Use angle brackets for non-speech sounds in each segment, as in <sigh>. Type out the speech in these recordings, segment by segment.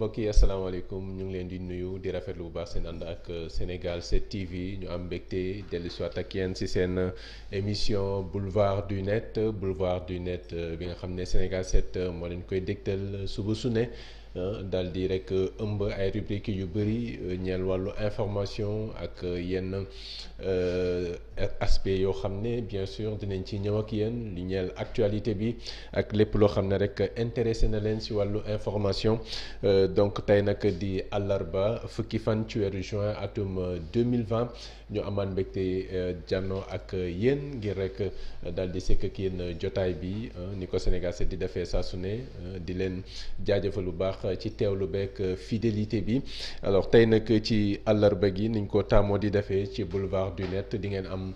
mbokk yi asalaamaaleykum ñu ngi leen di nuyu di rafetlu bu baax seen ànd ak euh, Sénégal 7 TV ñu am mbégte dellu soit ak yéen ci seen euh, émission boulevard du net boulevard du net euh, bi nga xam ne Sénégal set moo leen koy dégtal suba su ne. Euh, daal di rek euh, ëmb ay rubrique yu bëri euh, ñeel wàllu information ak yenn aspect yoo xam ne bien sûr dinañ ci ñëw ak yéen li ñeel actualité bi ak lépp loo xam ne rek intéressé na leen si wàllu information donc tey nag di àllarba fukki fan ci weeru juin atum 2020 ñu amaan mbégte jànnoo euh, ak euh, yéen ngir rek euh, daal di sekk ak yéen jotaay bi ni ko Sénégal set di defee saa su ne di leen jaajëfal lu baax ci lu beeg fidélité bi alors tey nag ci àllarba gi niñ ko taamoo di defee ci boulevard du net di ngeen am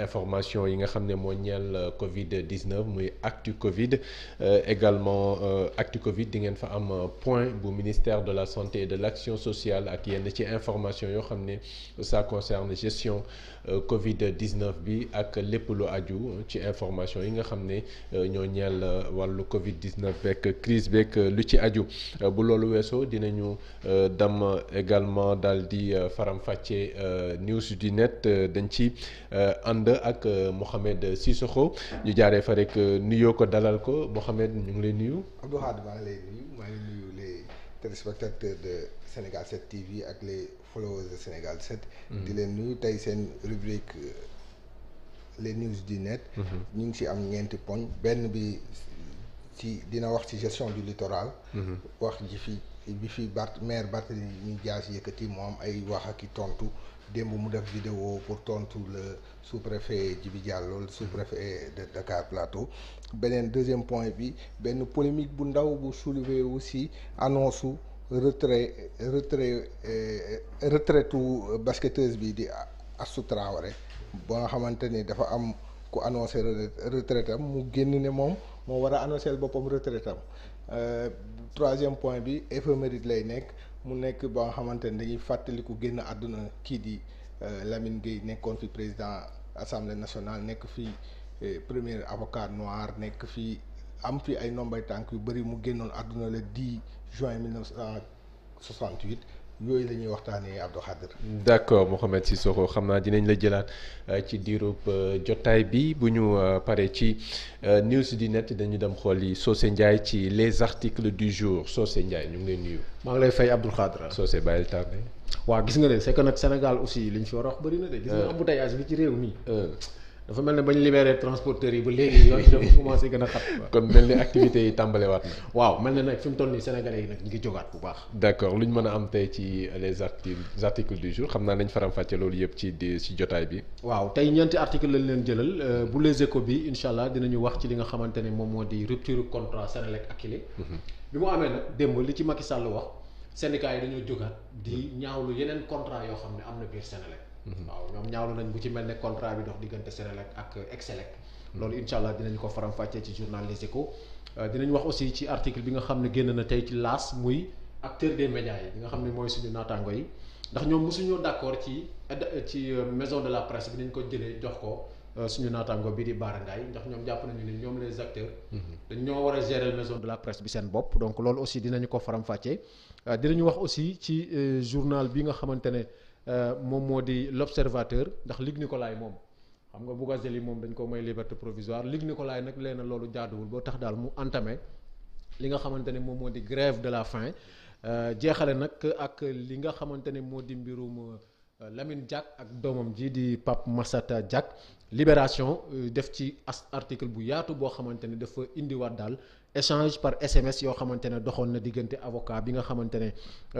information yi nga xam ne moo ñeel Covid 19 muy actu Covid également actu Covid di ngeen fa am point bu ministère de la santé et de laction action sociale ak yenn ci information yoo xam ne ça concerne. gestion euh, Covid 19 bi ak lépp lu aju ci information yi nga xam ne euh, ñoo ñeel euh, wàllu Covid 19 beeg crise beeg lu ci aju bu loolu weesoo dina ñu dam également dal di faram-fàcce news du net dañ ci ànd ak Mouhamed Sissoko ñu jaaree fa rek nuyoo ko dalal ko Mouhamed ñu ngi lay nuyu. Abdou Hadj maa ngi lay nuyu maa ngi nuyu de Sénégal 7 TV ak les. followers de Sénégal 7. Mm-hmm. di leen nuyu tey seen rubrique euh, les news du net. Mm-hmm. ñu ngi ci am ñeenti poñ benn bi ci dina wax ci gestion du littoral. Mm-hmm. wax ji fi bi fi Bart maire Barthélémy Dias yëkkati mu am ay wax ak i tontu démb mu def vidéo pour tontu le sous-préfet Djibi Diallo le sous-préfet de Dakar Plateau beneen deuxième point bi benn polémique bu ndaw bu soulever aussi annonce retrait retrait euh, retraitu basketteuse bi di Astou Traoré ba nga xamante ni dafa am ku annoncé retraite mu génn ne moom moo war a annoncé boppam retraite am euh, troisième point bi éphéméride e lay nekk mu nekk ba nga xamante ni dañuy fàttaliku génn àdduna kii di euh, Lamine Gueye nekkoon fi président assemblée nationale nekk fi premier avocat noir nekk fi am fi ay nombay tànk yu bëri mu génnoon àdduna la di juin 1968 yooyu la ñuy waxtaanee Abdou Khadir. d' accord Mouhamed Cissokho xam naa dinañ la jëlaat euh, ci diirub euh, jotaay bi bu ñu euh, paree ci news di net dañu dem xool yi soo Socé Ndiaye ci les articles du jour Socé Ndiaye ñu ngi lay nuyu. maa ngi lay fay Abdou Khadir. Socé bàyyil tardé. waaw gis nga ne c' est que nag Sénégal aussi li ñu fi war a wax bëri na de. gis nga embouteillage bi ci réew mi. dafa mel ne bañ ñu libéré yi ba léegi yooyu dafa <laughs> commencé gën a xat kon mel ni activités yi tàmbalewaat na waaw mel na nag fi mu toll nii sénégalais yi nag ñu ngi jógaat bu baax d' accord lu ñu mën a am tey ci les articles articles du jour xam naa nañ faram-fàcce loolu yëpp ci di ci jotaay bi waaw tey ñeenti article la leen jëlal euh, bu les échos bi incha allah dinañu wax ci li nga xamante ne moom moo di rupture contrat Sénélec ak Akilee mhm. bi mu amee li ci Macky Sall wax syndicats yi dañoo jógaat di ñaawlu yeneen contrat yoo xam ne am na biir Mm-hmm. waaw ñoom ñaawlu nañ bu ci mel ne contrat bi dox diggante Senelec ak Excelec mm-hmm. loolu incha allah dinañ ko faram-fàccee ci journal Les Échos euh, dinañ wax bi nga xam ne génn na tey ci laas muy acteur des yi nga xam ne mooy suñu naataango yi ndax ñoom mosuñoo d'accord ci ci maison de la presse nañ ko jëlee jox ko euh, suñu naataango bii di Bara Ndiaye ndax ñoom jàpp nañu ne ñoom les acteurs. Mm-hmm. ñoo war a gérer maison de bi seen bopp donc loolu aussi dinañu ko faram-fàccee euh, dinañu wax aussi ci journal bi nga xamante ne. Euh, moom moo di l'observateur ndax Luc Nicolaï moom xam nga Bougazelli moom dañ ko may liberté provisoire Luc Nicolaï nag leen loolu jaaduwul boo tax daal mu entamé li nga xamante ne moom moo di grève de la faim euh, jeexale nag ak li nga xamante ne moo di mbirum euh, Lamine Diack ak doomam ji di Pape Massata Diack Libération def ci as article bu yaatu boo xamante ne dafa indiwaat daal échange par SMS yoo xamante ne doxoon na diggante avocat bi nga xamante ne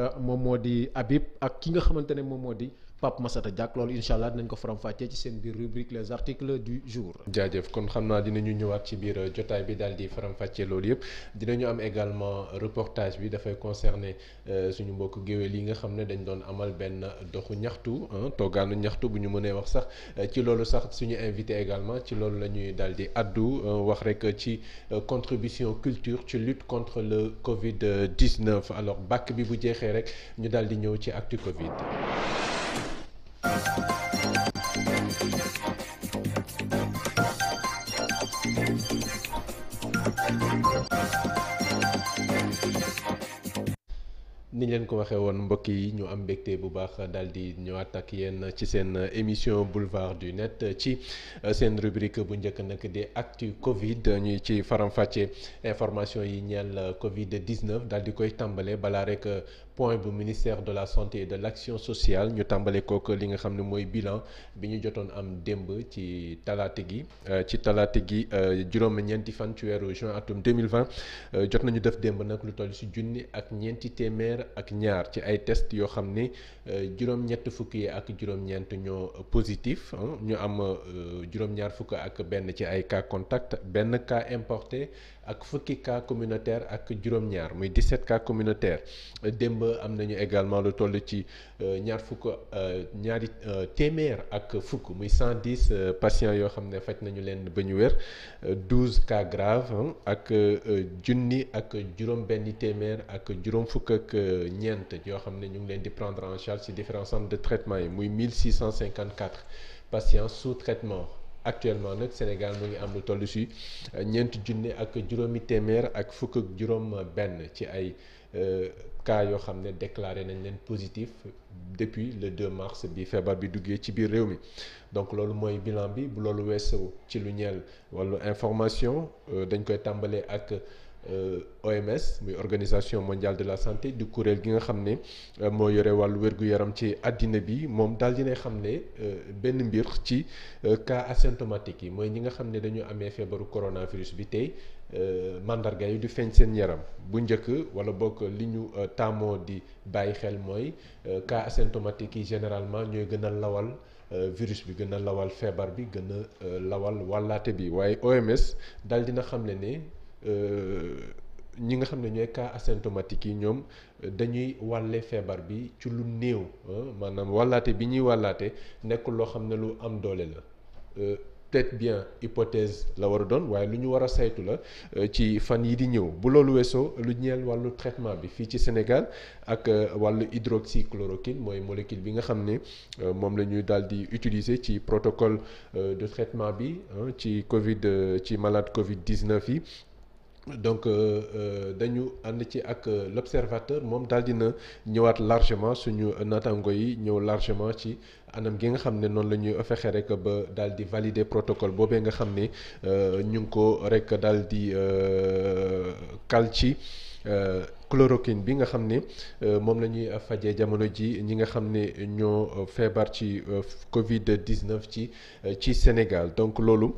euh, moom moo di Habib ak ki nga xamante ne moom moo di. Pape Massata Diack loolu incha allah dinañ ko faram-fàccee ci seen biir rubrique les articles du jour. jaajëf kon xam naa dinañu ñëwaat ci biir euh, jotaay bi daal di faram-fàccee loolu yëpp dinañu am également euh, reportage bi dafay concerner euh, suñu mbokk géwél yi nga xam ne dañu doon amal benn doxu ñaxtu toggaanu ñaxtu bu ñu mënee wax sax ci loolu sax suñu invité également ci loolu la ñuy daal di addu wax rek ci contribution culture ci lutte contre le Covid 19 alors bàkk bi bu jeexee rek ñu daal di ñëw ci actu Covid. ni leen ko waxee woon mbokk yi ñu am mbekte bu baax daal di ñëwaat ak yenn ci seen émission boulevard du net ci euh, seen rubrique bu njëkk nag di actu Covid ñuy ci faram-fàccee information yi ñeel Covid 19 daal di koy tàmbale balaa rek euh, point bu ministère de la santé et de l'action sociale ñu tàmbale kook li nga xam ne mooy bilan bi ñu jotoon am démb ci talaate gi euh, ci talaate gi euh, juróom ñeenti fan ci weeru juin atum 2020 euh, jot nañu def démb nag lu toll si junni ak ñeenti téeméer ak ñaar ci ay test yoo xam ne juróom-ñett fukk yi ak juróom-ñeent ñoo positif ñu am juróom-ñaar fukk ak benn ci ay cas contact benn cas importé ak fukki cas communautaire ak juróom-ñaar muy 17 cas communautaire démb am nañu également lu toll ci euh, ñaar fukk euh, ñaari euh, téeméer ak fukk muy 110 patients yoo xam ne faj nañu leen ba ñu wér douze cas grave ak junni ak juróom-benni téeméer ak juróom fukk ak ñeent yoo xam ne ñu ngi leen di prendre en charge ci différents centres de traitement yi muy 1654 patients sous traitement. actuellement nag Sénégal moo ngi am lu toll si euh, ñeenti junne ak juróomi téeméer ak fukk ak juróom benn ci ay euh, cas yoo xam ne déclaré nañ leen positif depuis le 2 mars bi feebar bi duggee ci biir réew mi donc loolu mooy bilan bi bu loolu weesoo ci lu ñeel wàllu information euh, dañ koy tàmbalee ak Euh, OMS muy organisation mondial de la santé di kuréel gi nga xam ne euh, moo yore wàllu wér yaram ci àddina bi moom daal dinay xam ne euh, benn mbir ci cas asymptomatique yi mooy ñi nga xam ne dañu amee feebaru coronavirus bi tey mandarga yi di feeñ seen yaram bu njëkk wala bokk li ñu taamoo di bàyyi xel mooy cas asymptomatique yi généralement ñooy gën a lawal virus bi gën a lawal feebar bi gën a lawal wallaate bi waaye OMS daal dina xam ne ne Euh, ñi nga xam ne ñooy cas asymptomatiques yi ñoom euh, dañuy wàlle feebar bi ci lu néew maanaam wàllaate bi ñuy wàllaate nekkul loo xam ne lu am doole la euh, peut-être bien hypothèse la war a doon waaye lu ñu war a saytu la ci fan yi di ñëw bu loolu weesoo lu ñeel wàllu traitement bi fii ci Sénégal ak wàllu hydroxychloroquine mooy molécule bi nga xam ne moom la ñuy daal di utiliser ci protocole de traitement bi ci Covid ci malade Covid 19 yi donc euh, euh, dañu ànd ci ak euh, l'observateur moom daal dina ñëwaat largement suñu natango yi ñëw largement ci anam gi nga xam ne noonu la ñuy fexe rek ba daal di valider protocole boobee nga xam ne ñu ngi ko rek daal di kal ci chloroquine bi nga xam ni euh, moom la ñuy fajee jamono ji ñi nga xam ne ñoo feebar ci euh, Covid 19 ci euh, ci Sénégal donc loolu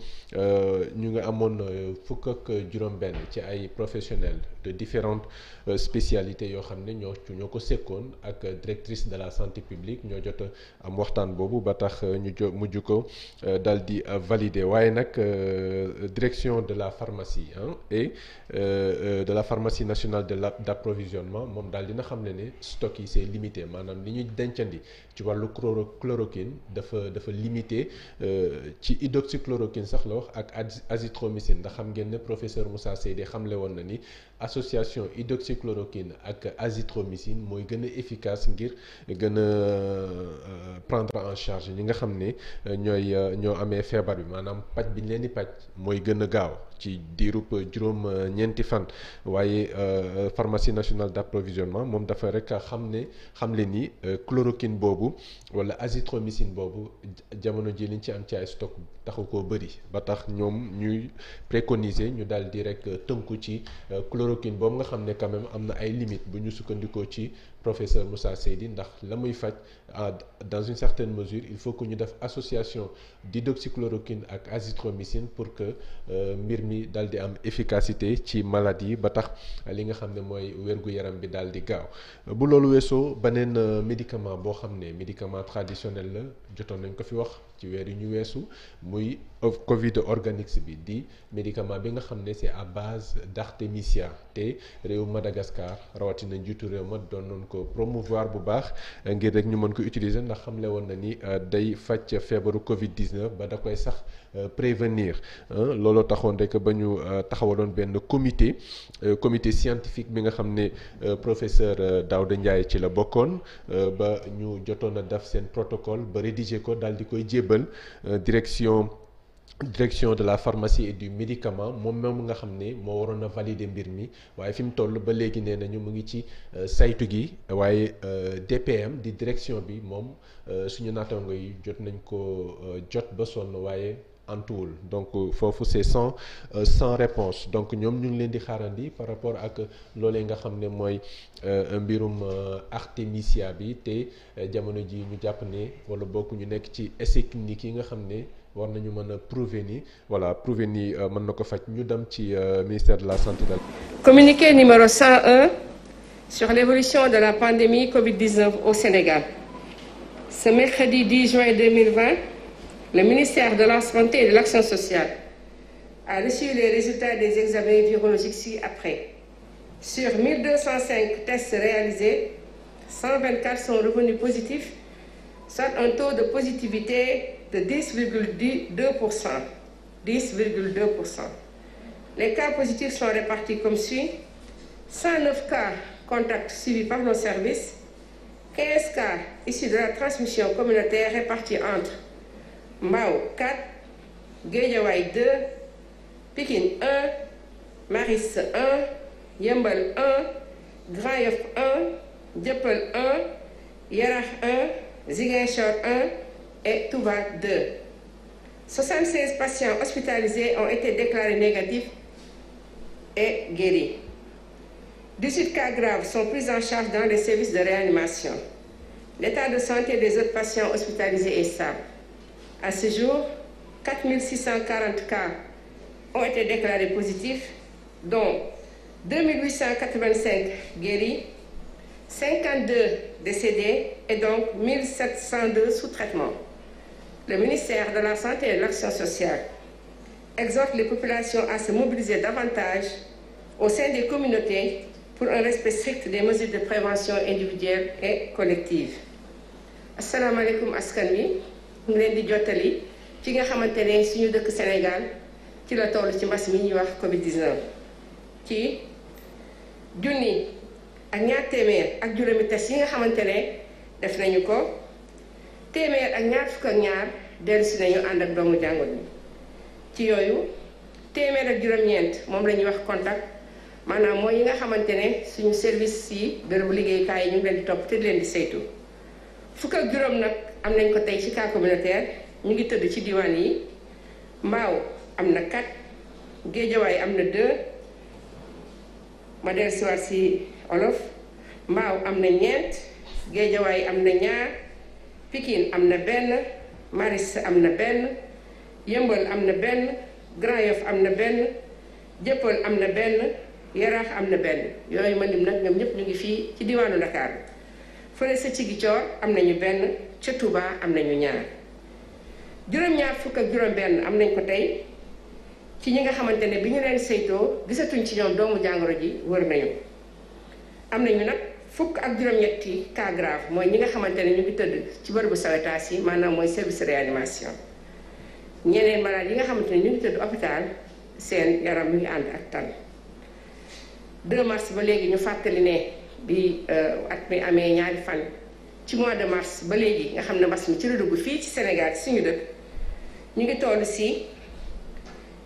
ñu nga amoon fukk ak juróom-benn ci ay professionnels de différentes spécialités yoo xam ne ñoo ko sekkoon ak directrice de la santé publique ñoo jot am waxtaan boobu ba tax ñu jo mujj ko dal di valider waaye nag direction de la pharmacie ah et de la pharmacie nationale de la approvisionnement moom daal dina xam ne ne stock yi c'est limité maanaam li ñuy dencandi ci wàllu chloro chloroquine dafa dafa limité euh, ci hydroxychloroquine sax la wax ak azithromycine ndax xam ngeen ne professeur Moussa Seydi xamle woon na ni association hydroxychloroquine ak azithromycine mooy gën a efficace ngir gën a euh, prendre en charge ñi nga xam ne euh, ñooy ñoo amee feebar bi maanaam paj bi ñu leen di paj mooy gën a gaaw ci diirub juróom ñeenti fan waaye pharmacie nationale d'approvisionnement moom dafa rek xam ne xam le ni chloroquine boobu. boobu wala azithromycine boobu jamono ji liñ ci am ci ay stock taxu koo bëri ba tax ñoom ñuy préconiser ñu daal di rek tënku ci euh, chloroquine boobu nga xam ne quand am na ay limites bu ñu sukkandikoo ci professeur Moussa Seydi ndax la muy faj dans une certaine mesure il faut que ñu def association d'hydroxychloroquine ak azithromycine pour que euh, mbir mi daal di am efficacité ci maladie ba tax li nga xam ne mooy wér yaram bi daal di gaaw bu loolu weesoo beneen euh, médicament boo xam ne médicament traditionnel la jotoon nañ ko fi wax ci weer yu ñu weesu muy Covid Organix bi di médicament bi nga xam ne c'est à base d'artémisia te réew Madagascar rawatina njiitu réew ma doon noon ko promouvoir ko utiliser ndax xamle woon na ni euh, day faj feebaru Covid 19 ba da koy sax euh, prévenir looloo taxoon rek ba ñu euh, taxawaloon benn comité comité scientifique bi nga xam ne professeur da Ndiaye ci la bokkoon ba ñu jotoon a def seen protocole ba rédiger ko daal di koy jébbal direction. direction de la pharmacie et du médicament moom moom nga xam ne moo waroon a valider mbir mi waaye fi mu toll ba léegi nee nañu mu ngi ci euh, saytu gi waaye euh, DPM di direction bi moom euh, suñu naataango yi jot nañ ko jot ba sonn waaye antuwul donc foofu c'est sans sans réponse donc ñoom ñu ngi leen di xaarandi par rapport ak loolee nga xam ne mooy mbirum artémisia bi te jamono ji ñu jàpp ne wala bokkuñu nekk ci essai yi nga xam ne war nañu mën a ni voilà prouver euh, mën na ko faj ñu dem ci euh, ministère de la santé. communiqué numéro 101 sur l'évolution de la pandémie Covid-19 au Sénégal ce mercredi 10 juin 2020 le ministère de la santé et de l'action sociale a reçu les résultats des examens virologiques ci-après. Sur 1205 tests réalisés, 124 sont revenus positifs, soit un taux de positivité de 10,2 pour cent 10,2 pour cent les cas positifs sont répartis comme suit 109 cas contacts suivis par nos services 15 cas issus de la transmission communautaire répartis entre Mbao 4 Guédiawaye 2 Pikine 1 Maristes 1 Yeumbeul 1 Grand Yoff 1 Dieuppeul 1 Yarax Ziguinchor et Touba 2. 76 patients hospitalisés ont été déclarés négatifs et guéris. 18 cas graves sont pris en charge dans les services de réanimation. L'état de santé des autres patients hospitalisés est stable. À ce jour, 4640 cas ont été déclarés positifs, dont 2885 guéris, 52 décédés et donc 1702 sous traitement. le ministère de la Santé et de l'Action sociale exhorte les populations à se mobiliser davantage au sein des communauté pour un respect strict des mesures de prévention individuelle et collective. asalaamaaleykum askan wi mu leen di jottali ci nga xamante ne suñu dëkk Sénégal ci la toll ci mbas mi ñuy wax Covid 19 ci junni ak ñaar téeméer ak juróomi test yi nga xamante ne def nañu ko. téeméer ak ñaar fukk ak ñaar dellusi nañu ànd ak doomu jàngoro bi ci yooyu téeméer ak juróom-ñeent moom lañuy wax contact maanaam mooy yi nga xamante ne suñu service yi bérébu liggéeyukaay yi ñu ngi leen di topp te leen di saytu fukk ak juróom nag am nañ ko tey ci cas communautaire ñu ngi tëdd ci diwaan yi mbaaw am na 4 géejawaay am na 2 ma dellusiwaat si olof mbaaw am na ñeent géejawaay am na ñaar Pikine am na benn Maris am na benn Yëmbal am na benn Grand Yoff am na benn Jëppal am na benn Yaraax am na benn yooyu ma lim nag ñëpp ñu ngi fii ci diwaanu Ndakaar bi fële sa Ziguinchor am nañu benn ca Touba am nañu ñaar juróom-ñaar fukk ak juróom-benn am nañ ko tey ci ñi nga xamante ne bi ñu leen saytoo gisatuñ ci ñoom doomu jàngoro ji wër nañu am nañu nag fukk ak juróom-ñetti cas mooy ñi nga xamante ne ñu ngi tëdd ci bërëbu sawetaas yi maanaam mooy service réanimation ñeneen malade yi nga xamante ne ñu ngi tëdd hôpital seen yaram mi ngi ànd ak tan 2 mars ba léegi ñu fàttali ne bi euh, at mi amee ñaari fan ci mois de mars ba léegi nga xam ne mbas mi ci la dugg fii ci Sénégal ci suñu dëkk ñu ngi toll si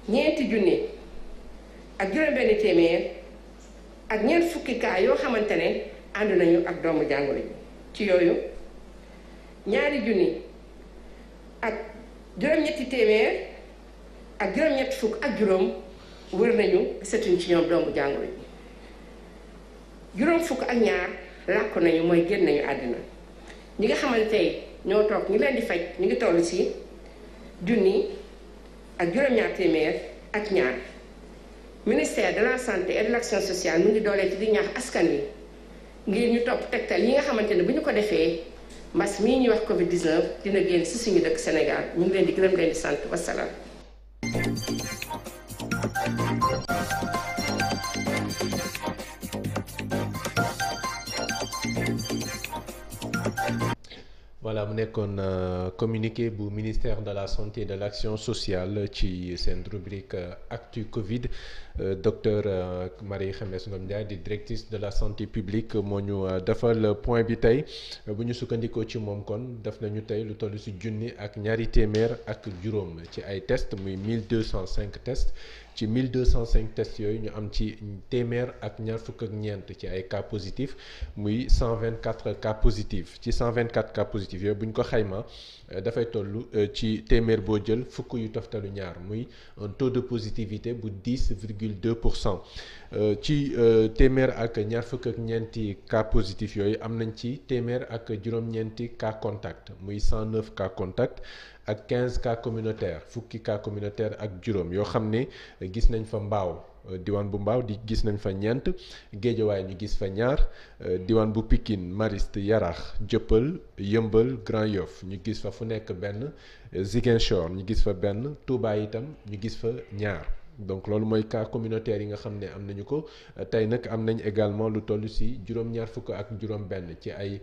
ñeenti junni ak juróom-benn téeméer ak ñeent fukki cas yoo xamante ne. ànd nañu ak doomu jàngolo ji ci yooyu ñaari junni ak juróom-ñetti téeméer ak juróom fukk ak juróom wër nañu sëtuñ ci ñoom doomu jàngoro ji juróom fukk ak ñaar làkk nañu mooy génn nañu àddina ñi nga xamante tey ñoo toog ñu leen di faj ñu ngi toll ci junni ak juróom-ñaar téeméer ak ñaar ministère de la santé et de l'action sociale mu ngi doolee ci di ñaax askan wi ngir ñu topp tegtal yi nga xamante ne bu ñu ko defee mbas mii ñuy wax Covid 19 dina génn si suñu dëkk Sénégal ñu ngi leen di gërëm leen di sant wasalaam. voilà mu nekkoon euh, communiqué bu ministère de la santé de l'action sociale ci seen rubrique euh, actu Covid euh, docteur Marie Khemesse Ngom Ndiaye di directrice de la santé publique moo ñu defal point bi tey bu ñu sukkandikoo ci moom kon def nañu tey lu toll ci junni ak ñaari téeméer ak juróom ci ay tests muy 1205 tests. ci 1205 tests yooyu ñu am ci téeméer ak ñaar fukk ak ñeent ci ay cas positifs muy 124 cas positifs ci 124 cas positifs yooyu bu ñu ko xayma euh, dafay toll euh, ci téeméer boo jël fukk yu toftalu ñaar muy un taux de positivité bu 10 virgule 2 pour cent euh, ci téeméer ak ñaar fukk ak ñeenti cas positifs yooyu am nañ ci téeméer ak juróom-ñeenti cas contact muy 109 cas contact ak quinze cas communautaires fukki cas communautaire ak juróom yoo xam ne eh, gis nañ fa mbaaw eh, diwaan bu mbaaw di gis nañ fa ñeent géejawaay ñu gis fa ñaar eh, diwaan bu pikin Mariste Yaraax Jëppal Yëmbal Grand Yoff ñu gis fa fu nekk benn Ziguinchor ñu gis fa benn tuubaay itam ñu gis fa ñaar donc loolu mooy cas communautaire yi nga xam ne am nañu ko tey nag am nañ également lu toll ci juróom-ñaar fukk ak juróom benn ci ay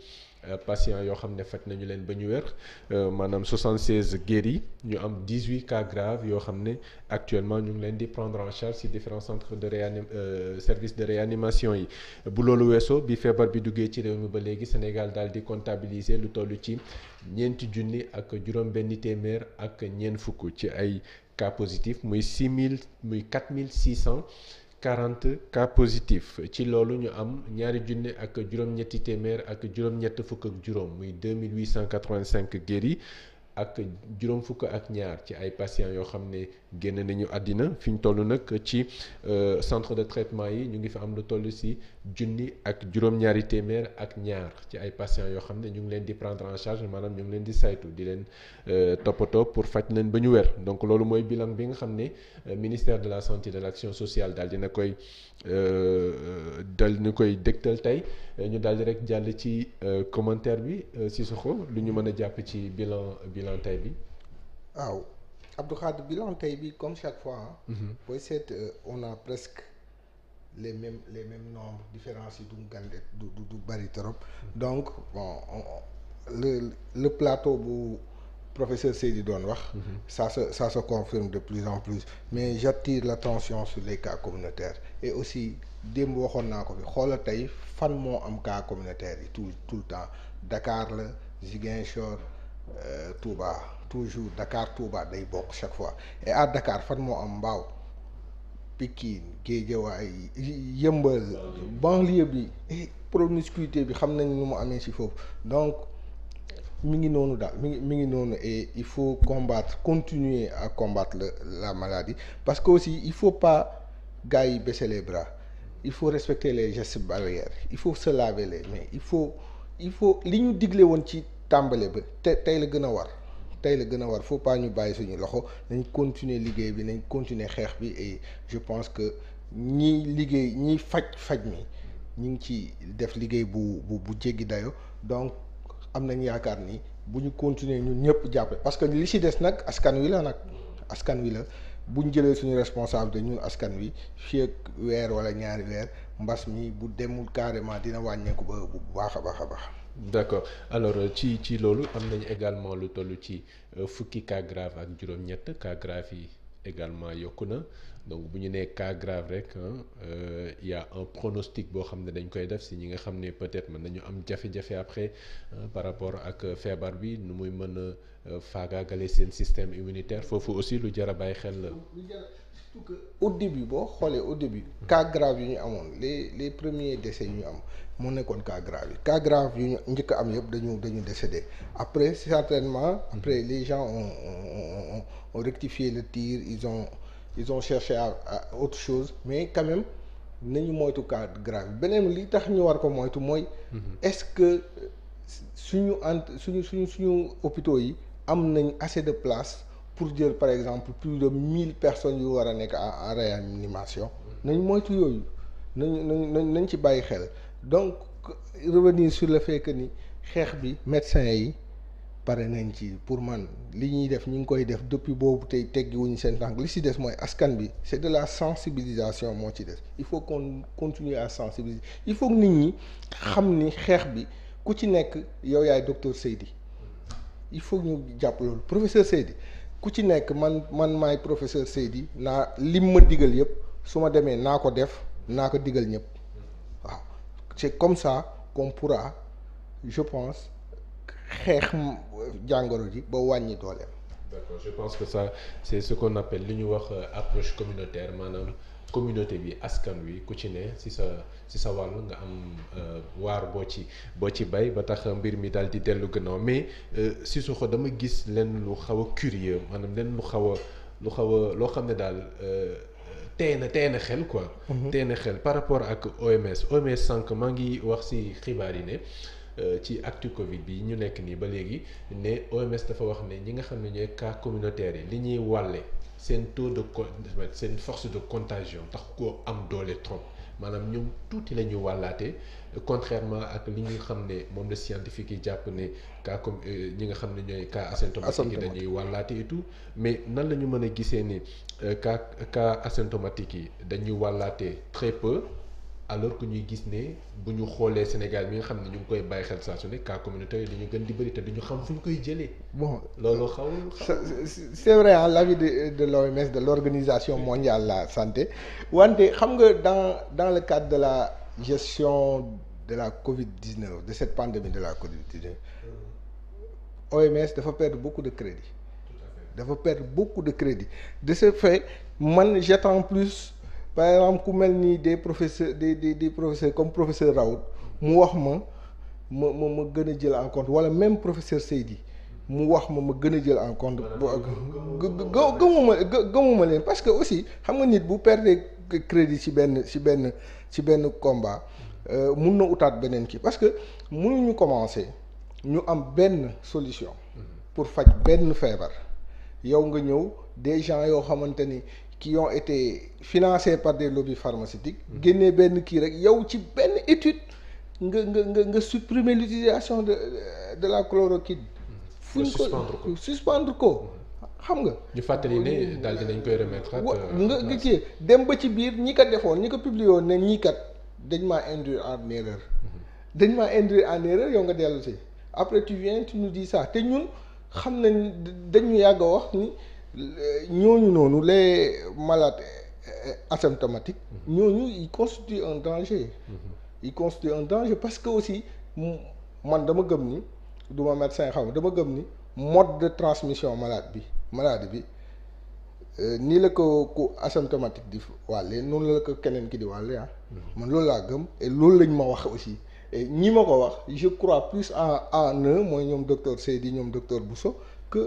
Euh, patients yoo xam ne faj nañu leen ba ñu wér euh, maanaam 76 guéris ñu am 18 cas graves yoo xam ne actuellement ñu ngi leen di prendre en charge ci différents centres de réanim euh, service de réanimation yi bu loolu weesoo bi feebar bi duggee ci réew mi ba léegi Sénégal daal di comptabiliser lu toll ci ñeenti junni ak juróom benn téeméer ak ñeent fukk ci ay cas positifs muy 6 000 muy 4 600 quarante cas positifs ci loolu ñu am ñaari junne ak juróom-ñetti téeméer ak juróom-ñett fukk ak juróom muy 2885 guéris ak juróom fukk ak ñaar ci ay patients yoo xam ne génn nañu àddina fi ñu toll nag ci euh, centre de traitement yi ñu ngi fi am lu toll si junni ak juróom-ñaari téeméer ak ñaar ci ay patients yoo xam ne ñu ngi leen di prendre en charge maanaam ñu ngi leen di saytu di leen euh, toppatoo pour faj leen ba ñu wér donc loolu mooy bilan bi nga xam ne euh, ministère de la santé de l'action sociale daal di koy euh, dal dina koy dégtal tey ñu daal di rek jàll ci commentaire bi Sissoko lu ñu mën a jàpp ci bilan bilan tey bi. waaw Abdou Khadre bilan tey bi comme chaque fois. Mm-hmm. booy seet on presque. les mêmes les mêmes nombres différence yi du gànde du du du bëri trop donc bon on, le le plateau bu professeur Seydi doon wax mhm. ça sa ça confirme de plus en plus mais j'attire l'attention sur les cas communautaires aussi démb waxoon naa ko bi xoolal tey fan moo am cas communautaire yi tout tout le temps Dakar la Ziguinchor euh, Touba toujours Dakar Touba day bokk chaque fois et à Dakar fan moo am mbaaw Pikine Guédiawaay yëmbal banlieue bi eh, promiscuité bi xam nañ nu mu amee si foofu donc mu ngi noonu daal mi ngi mi ngi noonu et il faut combattre continuer à combattre le, la maladie parce que aussi il faut pas gars yi baisser les il faut respecter les gestes barrières il faut se laver les mains il faut il faut li ñu digle woon ci tàmbale ba te tey la gën a war tey la gën a war faut pas ñu bàyyi suñu loxo nañ continuer liggéey bi nañ continuer xeex bi et je pense que ñi liggéey ñi faj faj mi ñu ngi ci def liggéey bu bu bu jéggi dayo donc am nañ yaakaar ni bu ñu continuer ñun ñëpp jàppale parce que li ci des nag askan wi la nag askan wi la bu jëlee suñu responsabilité ñun askan wi fii weer wala ñaari weer mbas mi bu demul carrément dina wàññeeku ba bu baax a baax a baax. d'accord alors euh, ci ci loolu am nañu également lu toll ci euh, fukki cas grave ak juróom-ñett cas grave yi également yokku na donc bu ñu nee cas grave rek euh, y a un pronostic boo xam ne dañ koy def si ñi nga xam ne peut-être mën nañu am jafe-jafe après par rapport ak feebar bi nu muy mën a faagaagale seen système immunitaire foofu aussi lu jar a bàyyi xel la. surtout que boo xoolee audi bi cas grave yu ñu amoon les les premiers décès yu ñu am. moo nekkoon cas grave yi cas grave yu ñu njëkk am yépp dañu dañu décédé après certainement après les gens ont ont, le tir ils ont ils ont autre chose mais quand nañu moytu cas grave beneen li tax ñu war ko moytu mooy mhm. est-ce que suñu ent suñu suñu suñu hôpitaux yi am nañ assez de place pour jël par exemple plus de mille personnes yu war a nekk en réanimation mhm. nañ moytu yooyu nañ nañ nañ ci bàyyi xel donc revenir sur le fait que ni xeex bi médecin yi pare nañ ci pour man li ñuy def ñu ngi koy def depuis boobu tey teggiwuñu seen tànk li ci des mooy askan bi c'est de la sensibilisation moo ci des il faut qu'on continue à sensibiliser il faut que nit ñi xam ni xeex bi ku ci nekk yow yaay docteur saydi il faut ñu jàpp loolu professeur Seydi ku ci nekk man man maay professeur Seydi naa lim ma digal yëpp su ma demee naa ko def naa ko digal ñëpp c'est comme ça qu'on pourra je pense xeex jàngoro ji ba wàññi dooleem. d'accord je pense que ça c'est ce qu'on appelle li ñu wax euh, approche communautaire maanaam communauté bi askan wi ku ci ne ci sa ci sa wàll nga am euh, waar boo ci boo ci bay ba tax mbir mi daal di dellu gannaaw mais euh, Sissoko dama gis leen lu xaw a curieux maanaam leen lu xaw a lu xaw a loo xam ne daal. tey na tey na xel quoi. Mhm. tey na xel par rapport ak OMS OMS sànq maa ngi wax ci xibaar yi ne euh, ci actu Covid bi ñu nekk nii ba léegi ne OMS dafa wax ne ñi nga xam ne ñooy cas communautaire yi li ñuy wàlle seen taux de seen force de contagion tax koo am doole trop. maanaam ñoom tuuti la ñu wàllaate contrairement ak li nga xam ne moom la scientifique yi jàpp ne cas comme euh, ñi nga xam ne ñooy cas asymptomatique yi dañuy wàllaate et mais nan la ñu mën a gisee ni euh, cas cas asymptomatique yi dañuy wàllaate très peu alors que ñuy gis ne bu ñu xoolee Sénégal bi nga xam ne ñu ngi koy bàyyi xel saa su ne cas communautaire yi dañu gën di bëri te duñu xam fu ñu koy jëlee. bon loolu xaw c'est vrai hein l'avis de de l'OMS de l'organisation mondiale de la santé wante xam nga dans dans le cadre de la gestion de la Covid-19 de cette pandémie de la Covid-19 OMS dafa perdre beaucoup de crédit. dafa perdre beaucoup de crédit de ce fait man j'attends plus. par exemple ku mel nii des professeurs des des des professeurs comme professeur Raoult mu wax ma ma ma ma gën a jël en compte wala même professeur Seydi mu wax ma ma gën a jël en compte. gëmuma gëmuma leen parce que aussi xam nga nit bu perdre crédit ci benn ci benn ci benn combat euh, mun na utaat beneen kii parce que mënuñu commencer ñu am benn solution. Mm-hmm. pour faj benn feebar yow nga ñëw des gens yoo xamante ni qui ont été financés par des lobbies pharmaceutiques génnee benn kii rek yow ci benn étude nga nga nga nga supprimer l'utilisation de de la chloroquine fu ñu ko suspendre ko xam nga ñu fàttali ne daal dinañ koy remettre euh, nga nga ci dem ba ci biir ñi ko defoon ñi ko publié woon ne ñii kat dañ ma induire en erreur mm-hmm. dañ ma induire en erreur yow nga dellu si après tu viens tu nous dis te ñun xam na dañu yàgg a wax ni ñooñu noonu les malades euh, asymptomatiques ñooñu ils constituent un danger mhm. ils constituent un danger parce que aussi man dama gëm ni du ma médecin xam dama gëm ni mode de transmission malade bi maladie bi euh, nii la ko ku asymptomatique di wàllee noonu la ko keneen ki di wàllee ah mhm. man loolu laa gëm loolu lañ ma wax aussi ñi ma ko wax je crois plus en en eux mooy ñoom docteur Seydi ñoom docteur Bousso que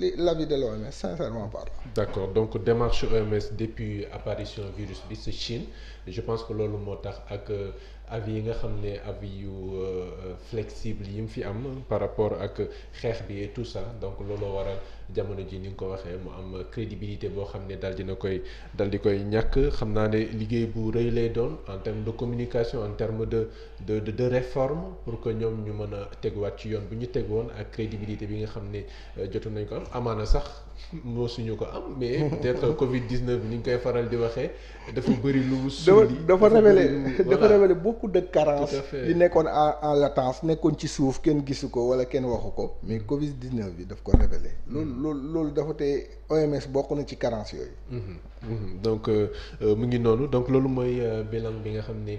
li euh, l' avis de l'OMS sincèrement parlant. d' accord donc démarche OMS e depuis apparition virus bi si Chine je pense que loolu moo tax ak. Euh, avis yi nga xam ne avis yu euh, flexible yi mu fi am par rapport ak xeex bi et tout sax donc looloo waral jamono ji ni nga ko waxee mu am crédibilité boo xam ne daal na koy dal di koy ñàkk xam naa ne liggéey bu rëy lay doon en terme de communication en terme de de de réforme pour que ñoom ñu mën a teguwaat ci yoon bu ñu teg woon ak crédibilité bi nga xam ne euh, jotoon nañ ko am amaana sax. moo suñu ko am mais peut-être Covid 19 ni ñu koy faral di waxee dafa bëri lu mu. suuli dafa révélé dafa révélé beaucoup de carence yi nekkoon en en latence nekkoon ci suuf kenn gisu ko wala kenn waxu ko mais Covid 19 bi daf ko révélé. loolu loolu loolu dafa tey OMS bokk na ci carence yooyu. Mm-hmm. Mhm. donc euh, euh, mu ngi noonu donc loolu mooy euh, bilan bi nga xam ni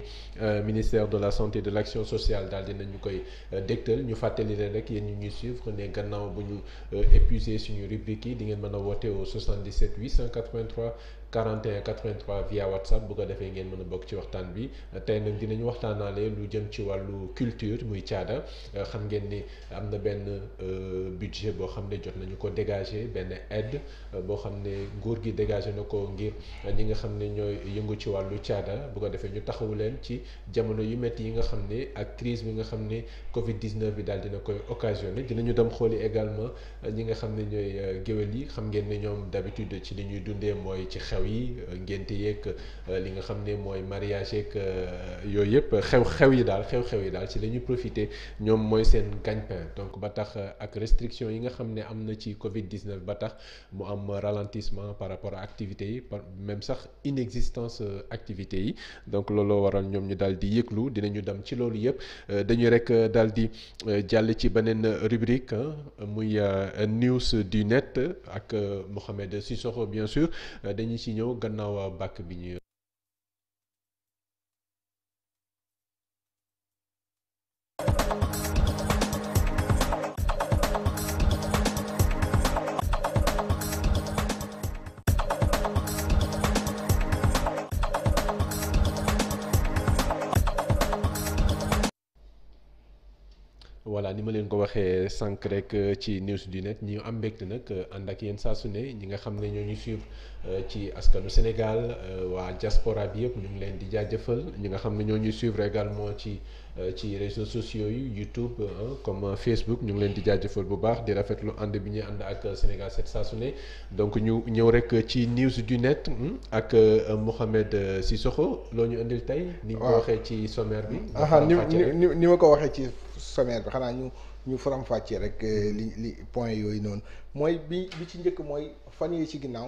ministère de la santé de l' action sociale daal dinañu koy dégtal ñu fàttali leen rek yéen ñu ñuy suivre ne gannaaw bu ñu épuisé suñu rubrique yi di ngeen mën a woote au 77 883 41 83 via WhatsApp bu ko defee ngeen mën a bokk ci waxtaan bi tey nag dinañu waxtaanaale lu jëm ci wàllu culture muy caada euh, xam ngeen ni am na benn euh, budget boo xam ne jot nañu ko dégagé benn aide euh, boo xam ne nguur gi dégagé na ko ngir ñi nga xam ne ñooy yëngu ci wàllu caada bu ko defee ñu taxawu leen ci jamono yu métti yi nga xam ne ak crise bi nga xam ne Covid 19 bi daal dina koy occasionné dinañu dem xooli également ñi nga xam ne ñooy géwél yi xam ngeen ne ñoom d'habitude ci li ñuy dundee mooy ci xew yi euh, ngénte yeeg euh, li nga xam ne mooy mariage yeeg euh, yooyu yëpp xew-xew yi daal xew-xew yi daal ci la ñuy profité ñoom mooy seen gagne-pain donc ba tax ak restriction yi nga xam ne am na ci Covid 19 ba tax mu am ralentissement par rapport à activités yi par même sax inexistence activités yi donc looloo waral ñoom ñu daal di yëglu dinañu dem ci loolu yëpp dañuy rek daal di jàll ci beneen rubrique muy news du net ak Mohamed Sissoko bien sûr dañuy si ñëw gannaaw bi ñu voilà ni ma leen ko waxee sànq rek euh, ci news du net ñi am mbégte nag euh, ànd ak yéen saa ne ñi nga xam ne ñoo ñu suivre Euh, ci askanu Sénégal euh, waa diaspora bi yëpp ñu ngi leen di jaajëfal ñi nga xam ne ñoo ñuy suivre également ci euh, ci réseaux sociaux yu YouTube comme Facebook ñu ngi leen di jaajëfal bu baax di rafetlu ànd bi ñuy ànd ak Sénégal 7 saa su ne donc ñu ñëw rek ci news du net hmm, ak Mouhamed Sissoko loo ñu indil tey. ni ñu ko waxee ci sommaire bi. ni ni ko waxee ci sommaire bi xanaa ñu. ñu faram fàccee rek li li point yooyu noonu mooy bi bi ci njëkk mooy fan yi ci ginnaaw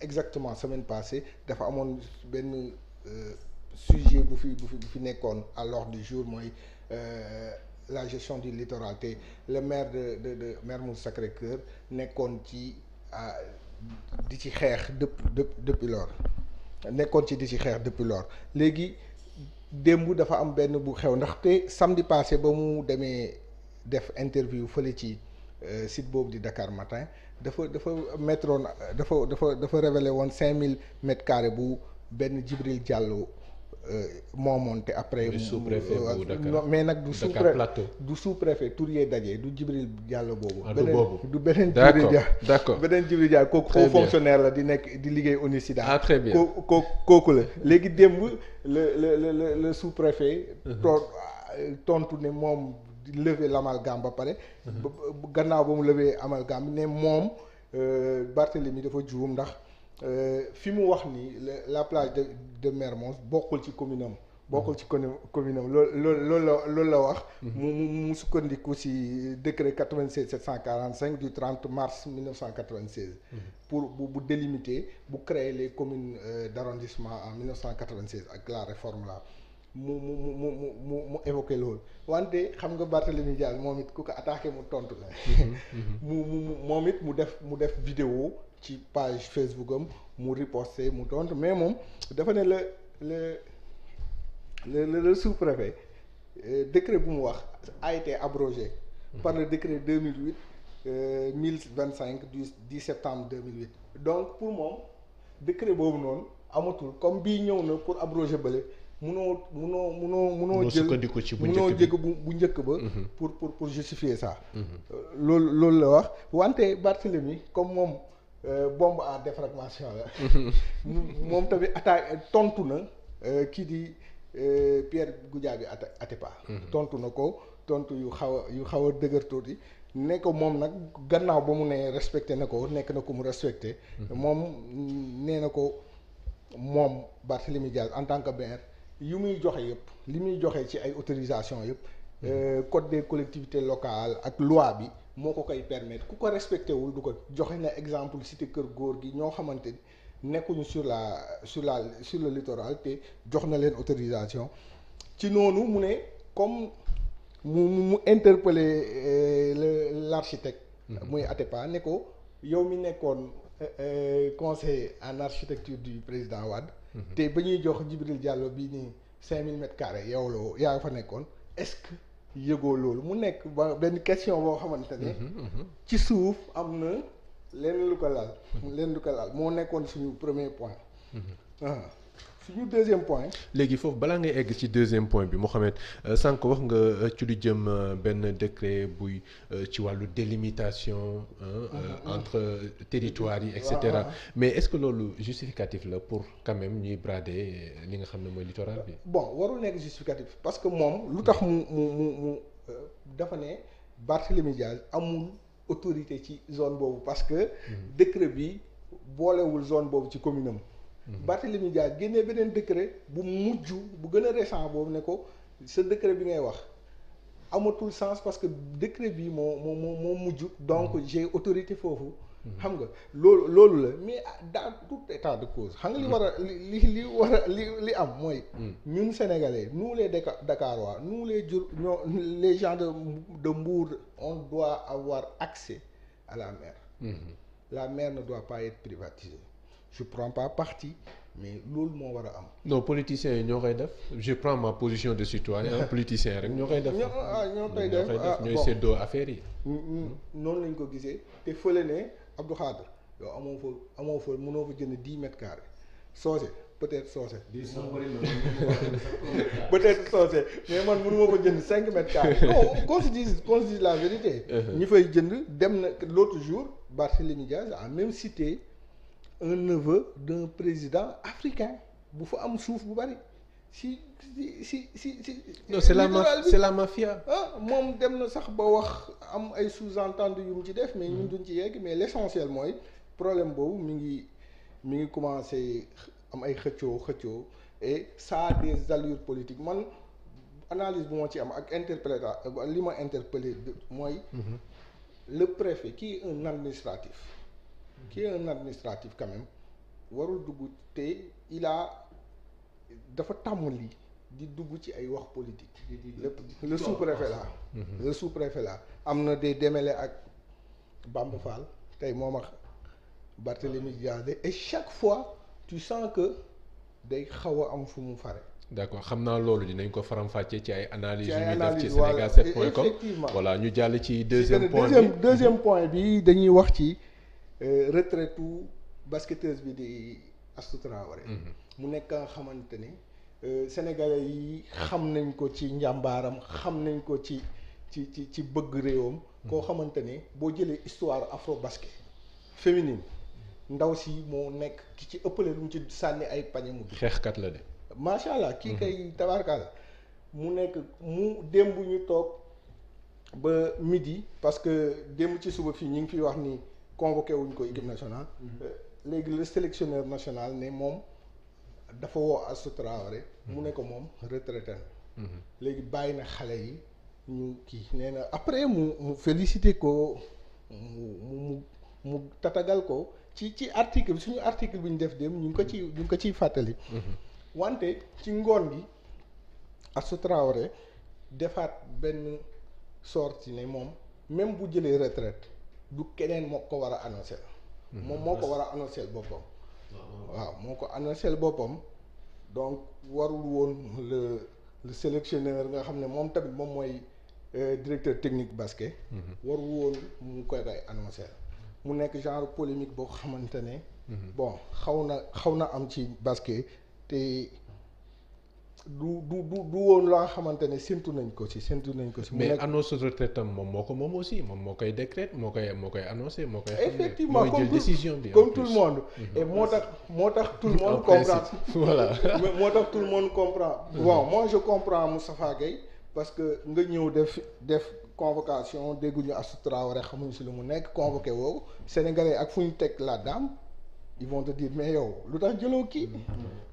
exactement semaine passé dafa amoon benn euh, sujet bu fi bu fi bu fi nekkoon à du jour mooy euh, la gestion du littoral te le maire de de de Mermoz Sacré-Cœur nekkoon ci di ci xeex depuis depuis depuis lors nekkoon ci di ci xeex depuis lors léegi démb dafa am benn bu xew ndaxte samedi passé ba mu demee def interview fële ci euh, site boobu di Dakar Matin dafa dafa mettre woon dafa dafa dafa révélé woon cinq mille mètres carrés bu benn Djibril Diallo euh, moomoon te après. du sous-préfet bu euh, Dakar mais nag du. Dakar plateau du sous-préfet tur yee daje du Djibril Diallo boobu. Ah, du beneen du beneen. d' accord beneen Djibril Diallo kooku. haut la di nekk di liggéey ONUSIDA. ah très bien kooku kooku la léegi démb la le le le sous-préfet. Uh-huh. tontu ne moom. lever l'amalgame ba pare. Mhm. gannaaw ba mu lever amalgame ne moom euh, Barthélemy dafa juum ndax euh, fi mu wax ni la plage de de Mermoz bokkul ci commune am. bokkul ci commune commune am loolu loolu la loolu la wax. Mhm. mu mu sukkandiku ci décret 96 745 du 30 mars 1996. Mhm. pour bu bu délimiter bu créer les communes euh, d'arrondissement en 1996 ak la réforme là. mu mu mu mu mu mu évoqué loolu wante xam nga Barthélémy Dias moom it ku ko attaqué mu tontu mm-hmm. <laughs> mu mu moom it mu def mu def vidéo ci page Facebook am mu riposté mu tontu mais moom dafa ne la la le le sous-préfet euh, décret bu mu wax a été abrogé. Mm-hmm. par le décret 2008 1025 euh, du 10 septembre 2008. donc pour moom décret boobu noonu amatul comme bii ñëw na pour abroger bële. munoo munoo munoo munoo jël sukkandiku ci bu njëkk bi bu bu njëkk ba mhm. pour pour pour justifier ça mhm. euh, loolu loolu la wax wante Barthélemy comme moom euh, bombe à défragmentation la mhm. <laughs> moom tamit attaque tontu na euh, kii di Pierre Goudiaby Atepa tontu na ko tontu yu xaw a yu xaw a dëgër tuuti ne ko moom nag gannaaw ba mu ne respecté na ko nekk na ko mu respecté moom mm, nee na ko moom Barthélemy Diaz en tant que maire yu muy joxe yëpp li muy joxe ci ay autorisation yëpp euh, code des collectivités locale ak loi bi moo ko koy permettre ku ko respecté wul du ko joxe na exemple cité kër góor gi ñoo xamante nekkuñu sur la sur la sur le littoral te jox na leen autorisation ci noonu mu ne comme mu mu interpeller euh, le l'architecte mhm. muy Atepa ne ko yow mi nekkoon euh, conseil en architecture du président Wade Mhm. te ba ñuy jox Jibril Diallo bii nii cinq mille mètres carrés yow la yaa fa nekkoon est-ce que yëgoo loolu mu nekk ba benn question boo xamante ne. Mhm, mhm. ci suuf am na lenn lu ko laal. lenn lu ko laal moo nekkoon suñu premier point. Ah. suñu deuxième point. léegi foofu balaa ngay egg ci deuxième point bi Mouhamed euh, sànq wax nga euh, ci lu jëm euh, benn décret buy ci wàllu délimitation. Mm-hmm, mm-hmm. entre territoires yi et cetera. mais est-ce que loolu justificatif la pour quand ñuy brader li nga xam ne mooy littoral bi. bon warul nekk justificatif parce que moom lu tax mu mu mu mu dafa ne Barthélémy Diaz amul autorité ci zone boobu parce que. Mm-hmm. décret bi boolewul zone boobu ci commune am. Mhm. Barthélemy Dias génnee beneen décret bu mujj bu gën a récent boobu ne ko sa décret bi ngay wax amatul sens parce que décret bi moo moo moo moo mujj donc mhm. j'ai autorité foofu mhm. xam nga loolu loolu la mais ah, dans tout état de cause xam nga li war a li li war li li am mooy ñun sénégalais nous les dakarois nous les jur ñoo de de Mbour on doit avoir accès à la mer la mer ne doit pas être privatisée je prends pas parti mais loolu moo war a am. no politiciens yi ñoo koy def je prends ma position de citoyen <laughs> politicien rek ñoo koy def. ñoo ah, ah, ñoo koy ah, ñooy séddoo affaire yi. noonu lañ ko gisee te fële ne Abdou Khadre yow amoo fa amoo fa mënoo fa jënd dix mètres carrés soose peut-être soose. <laughs> peut-être soose mais man mënu ma fa jënd cinq mètres carrés. <laughs> non qu'on se dise la vérité. Uh-huh. ñi fay jënd dem na l'autre jour Barthélémy Diaz a même cité. un neveu d'un président africain bu fa am suuf bu bari si si si si si. non c'est la c'est la mafia. ah moom dem na sax ba wax am ay sous-entendus yu mu ci def mais ñun duñ ci yegg mais l'essentiel mooy problème boobu mi ngi mi ngi commencer am ay xëccoo xëccoo et ça a des allures man analyse bu moo ci am ak interprétation li ma interpellé mooy. Mhm. le préfet qui est un administratif. qui est un administratif quand warul dugg te il dafa tàmmoon lii di dugg ci ay wax politique le sous-préfet là mm-hmm. Mm-hmm. le sous-préfet là am na des démêlés ak Bamba Fall tey moom ak Barthélémy Diaz et chaque fois tu sens que day xaw a am fu mu fare d'accord xam naa loolu dinañ ko faram-fàccee ci ay analyse yu ñuy def ci Sénégal7 point com voilà ñu jàll ci deuxième point bi deuxième point bi dañuy wax ci Euh, retraite u basketteuse bi di Astou mhm. mu nekk nga xamante ne euh, sénégalais yi xam nañ ko ci njàmbaaram xam nañ ko ci ci ci ci bëgg réewam mhm. koo xamante ne boo jëlee histoire afro basket féminine ndaw si moo nekk ki ci ëppale lu mu ci sànni ay pañe mu xeexkat la macha allah kii mhm. kay tabarkaal mu nekk mu démb ñu toog ba midi parce que démb ci suba fii ñu ngi fi wax ni convoqué wuñ ko équipe nationale. Mm-hmm. léegi le sélectionneur national ne moom dafa woo Astou Traoré. mu ne ko moom retraité mm-hmm. léegi bàyyi na xale yi ñu kii nee na après mu mu félicité ko mu mu mu tatagal ko ci ci article bi suñu article bi ñu def dem ñu ngi ko ci mm-hmm. ñu ko ciy fàttali. wante ci ngoon gi Astou Traoré defaat benn sortie ne moom même bu jëlee retraite. du keneen moo ko war a annoncé mhm. moom moo ko war a annoncé boppam waaw moo ko annoncé boppam donc warul woon le le nga xam ne moom tamit moom mooy euh, directeur technique basket mhm. warul woon mu koy koy annoncé mu nekk genre polémique boo xamante ne mhm. bon xaw na xaw na am ci basket te du du du woon loo xamante ne séntu nañ ko si séntu nañ ko si mais annonce retraite am moom moo ko moom aussi moom moo koy décret moo koy moo koy annoncé moo koy. effectivement comme tout décision le monde. Mm-hmm. et moo tax moo tax tout le monde comprend. <laughs> voilà moo tax tout le monde comprend. moo mm-hmm. moi je comprends Moustapha parce que nga ñëw def def convocation dégguñu Astou Traoré xamuñu si lu mu nekk convoqué woowu sénégalais ak fu ñu teg la dame ils vont te dire mais yow lu tax jëloo kii. Mm-hmm.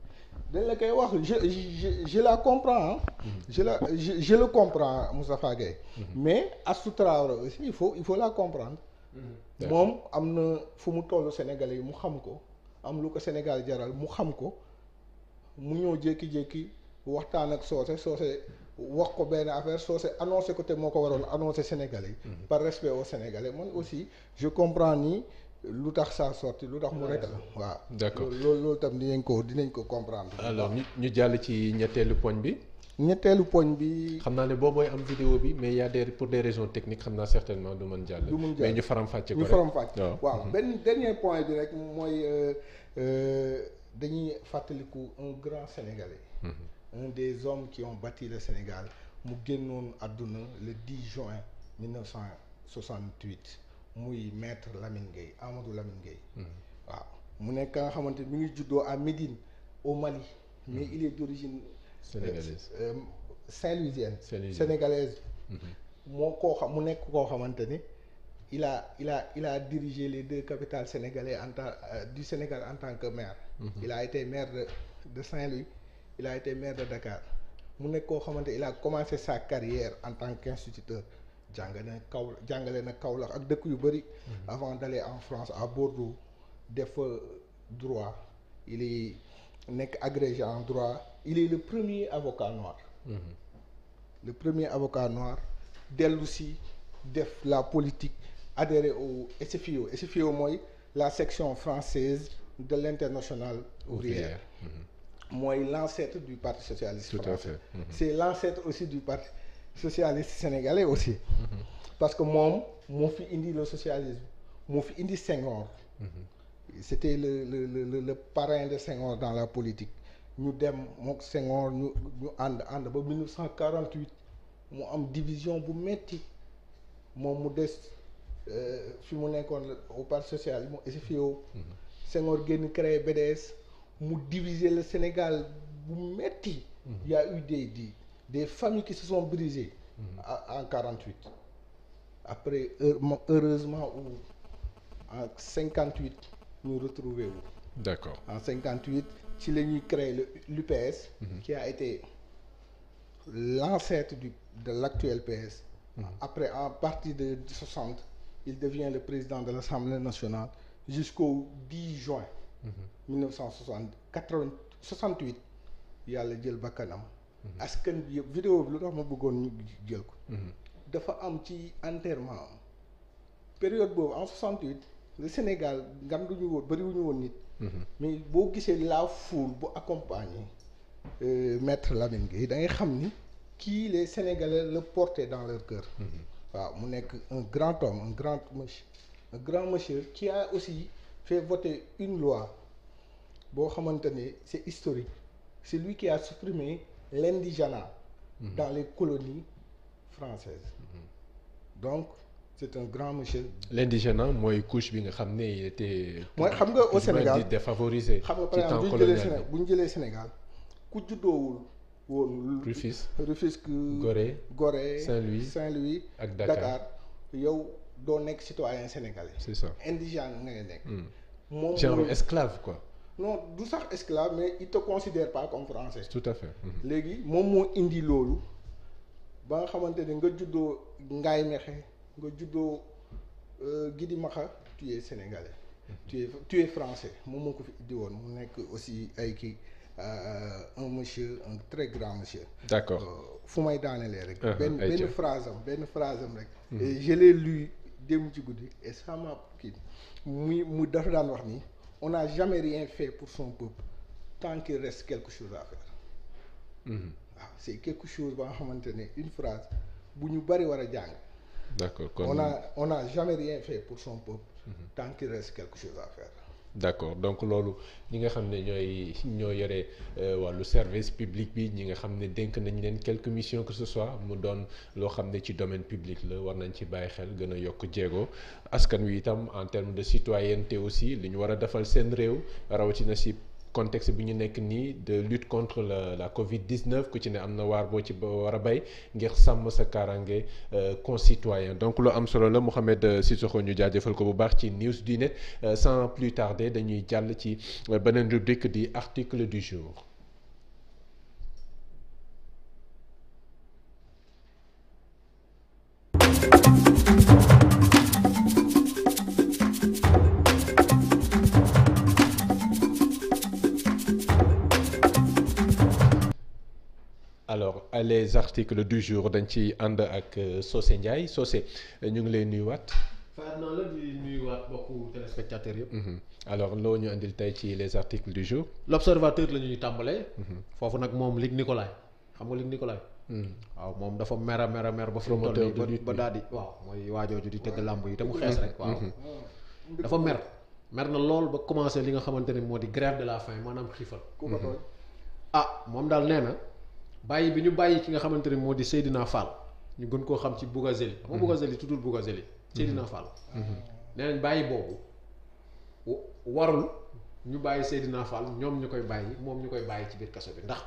dañ la koy wax je je je la comprends mm-hmm. je la je le comprends Moustapha Gueye mm-hmm. mais Astou Traoré aussi il faut il faut la comprendre mm-hmm. moom am na fu mu tollu Sénégalais yi mu xam ko am lu ko Sénégal jaral mu xam ko mu ñëw jékki-jékki waxtaan ak Socé Socé wax ko benn affaire Socé annoncé ko te moo ko waroon annoncé sénégal yi par respect aux Sénégalais man aussi je comprends ni lu tax saa sorti lu tax mu rek la waaw d'accord loolu loolu tam dinañ ko dinañ ko comprendre alors ñu ñu jàll ci ñetteelu poñ bi ñetteelu poñ bi xam naa ne boo booy am vidéo bi mais y a pour des raisons techniques xam naa certainement du mën jàll mais ñu faram ko ñu waaw mm-hmm. benn dernier point bi rek mooy euh, euh, dañuy fàttaliku un grand sénégalais mm-hmm. un des hommes qui ont bâti le Sénégal mu génnoon àdduna le 10 juin 1968 muy maître Lamine Gueye Amadou Lamine Gueye hmm. waaw mu nekk ka nga xamante ni mu ngi juddoo à Médine au Mali hmm. mais il est d'origine sénégalaise euh, euh, sénégalaise hmm. moo koo xam mu nekk koo xamante ni il a il a il a dirigé les deux capitales sénégalais en tant euh, du Sénégal en tant que maire il a été maire de de Saint-Louis il a été maire de Dakar mu nekk koo xamante il a commencé sa carrière en tant qu'instituteur jàngale na kaw jàngale na Kaolack ak dëkk yu bëri. Mm-hmm. avant d'aller en France à Bordeaux def droit il est droit il est le premier avocat noir. Mm -hmm. le premier avocat noir dellu si def la politique adhéré au SFIO SFIO mooy la section française de l'internationale ouvrière. Mm -hmm. mooy l'ancêtre du parti socialiste. tout mm-hmm. c'est l'ancêtre aussi du parti. socialiste sénégalais aussi. Mhm. parce que moom moo fi indi le socialisme moo fi indi Senghor. Mhm. c'était le le le le parrain de Senghor dans la politique ñu dem mook Senghor ñu ñu ànd ànd ba mu am division bu metti moom mu des euh, fi mu nekkoon au parti social mu SFIO. Mhm. Senghor génn créé BDS mu diviser le Sénégal bu metti. y a des familles qui se sont brisées. Mm-hmm. en en quarante huit. après heureusement ou en cinquante huit ñu retrouvé wu. d' accord en cinquante huit ci la ñuy créé le l'UPS. Mm-hmm. qui a été l'ancêtre du de l' actuel PS. Mm-hmm. après en partie de soixante il devient le président de l' assemblée nationale jusqu'au 10 yàlla jël bakkanam Mhm. askan bi yëpp vidéo bi lu tax ma bëggoon ñu jël ko. Mhm. dafa am ci enterrement période boobu en 68 le Sénégal ngam duñu woon bëriwuñu woon nit. Mhm. mais boo gisee la foule bu accompagné euh, maître Lamine Gueye da ngay xam ni kii les Sénégalais le portaient dans leur cœur. waaw mu nekk un grand homme un grand monsieur un grand aussi fait voter une loi boo xamante ne c'est historique c'est lui qui a supprimé. l'indigénat mmh. dans les colonies françaises mmh. donc c'est un grand monsieur. l'indigénat mooy couche bi nga xam ne te mooy xam nga au Sénégal di défavorisé. xam nga par exemple bu ñu jëlee Sénégal bu ñu jëlee Sénégal ku juddoowul woon. Rufisque Rufisque. Gorée Gorée Saint-Louis Saint-Louis ak Dakar yow doo nekk citoyen sénégalais. c'est ça indigène nga nekk. Hmm. moom genre esclave quoi. non du sax esclave mais il te considère pas comme français. tout à fait. Mhm. léegi moom moo indi loolu ba nga xamante ne nga juddoo Ngaay Mexe nga juddoo euh, Gidi Maxa tu es sénégalais. Mhm. tu tu es français moom moo ko fi indi woon mu nekk aussi ay kii. Euh, un monsieur un très grand monsieur. d'accord euh, fu may daanelee rek. Uh-huh, benn benn phrase am benn phrase am rek. Mhm. et je l'ai lu démb ci guddi et sama kii muy mu dafa daan wax nii. on n'a jamais rien fait pour son peuple tant qu'il reste quelque chose à faire waaw mhm. ah, c'est quelque chose ba nga xamante ne une phrase bu ñu bari war a jàng d'accord on a on n'a jamais rien fait pour son peuple mhm. tant qu'il reste quelque chose à faire d' accord donc loolu ñi nga xam ne ñooy ñoo yore euh, wàllu service public bi ñi nga xam ne dénk nañ leen quelque mission que ce soit mu doon loo xam ne ci domaine public la war nañ ci bàyyi xel gën a yokk jéego askan wi itam en termes de citoyenneté aussi li ñu war a defal seen réew rawatina si. contexte bi ñu nekk nii de lutte contre la la Covid 19 ku ci ne am na waar boo ci ba war a bay ngir sàmm sa kaaraange euh, concitoyen donc lu am solo la Mouhamed euh, Sissoko ñu jaajëfal ko bu baax ci news du net euh, sans plus tarder dañuy jàll ci beneen rubrique di article du jour. les articles du jour dañ ci ànd ak euh, Socé Ndiaye Socé euh, ñu ngi lay nuyuwaat. Faat noonu la di nuyuwaat mbokku téléspectateurs yëpp. Mhm. alors loo ñu andil tey ci les articles du jour. l'observateur la ñuy tàmbalee. Mhm. foofu nag moom Luc Nicolaï xam nga Luc Nicolaï. Mhm. waaw moom dafa mera mera mer ba. promoteur bi ba daal di waaw mooy waajooju di tëgg làmb yi te mu xees rek. waaw dafa mer. mer na lool ba commencé li nga xamante ne moo di grève de la faim maanaam xiifal. ah moom daal nee na. bàyyi bi ñu bàyyi ki nga xamante ne moo di Seydina Fall ñu gën koo xam ci Bougazelli xam nga mhm. Bougazelli tuddul Bougazelli mhm. Seydina Fall mhm. nee nañ bàyyi boobu warul ñu bàyyi Seydina Fall ñoom ñu koy bàyyi moom ñu koy bàyyi ci biir kaso bi ndax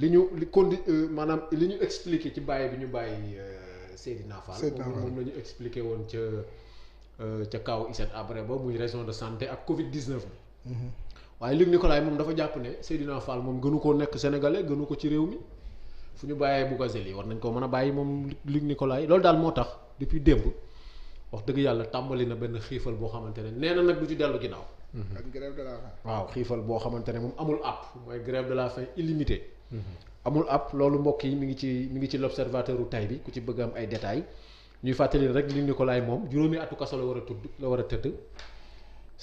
li ñu li condi euh, maanaam li ñu expliqué ci bàyyi bi ñu bàyyi euh, Seydina Fall moom la ñu expliqué woon ca euh, ca kaw Hissène Habré ba muy raison de santé ak Covid 19 bi waaye Luc Nicolaï moom dafa jàpp ne Seydina Fall moom gënu koo nekk sénégalais gënu ko ci réew mi fu ñu bàyyee Bougazelli war nañ ko mën a bàyyi moom Luc Nicolaï loolu daal moo tax depuis démb wax dëgg yàlla tàmbali na benn xiifal boo xamante ne nee na nag du ci dellu ginnaaw. Mm-hmm. ak grève de waaw xiifal boo xamante ne moom amul app mooy grève de la faim illimité. Mm-hmm. amul app loolu mbokk yi mu ngi ci mi ngi ci l'observateur u tay bi ku ci bëgg am ay détails ñuy fàttali rek Luc Nicolaï moom juróomi atu kaso la war a tudd la war a tëdd.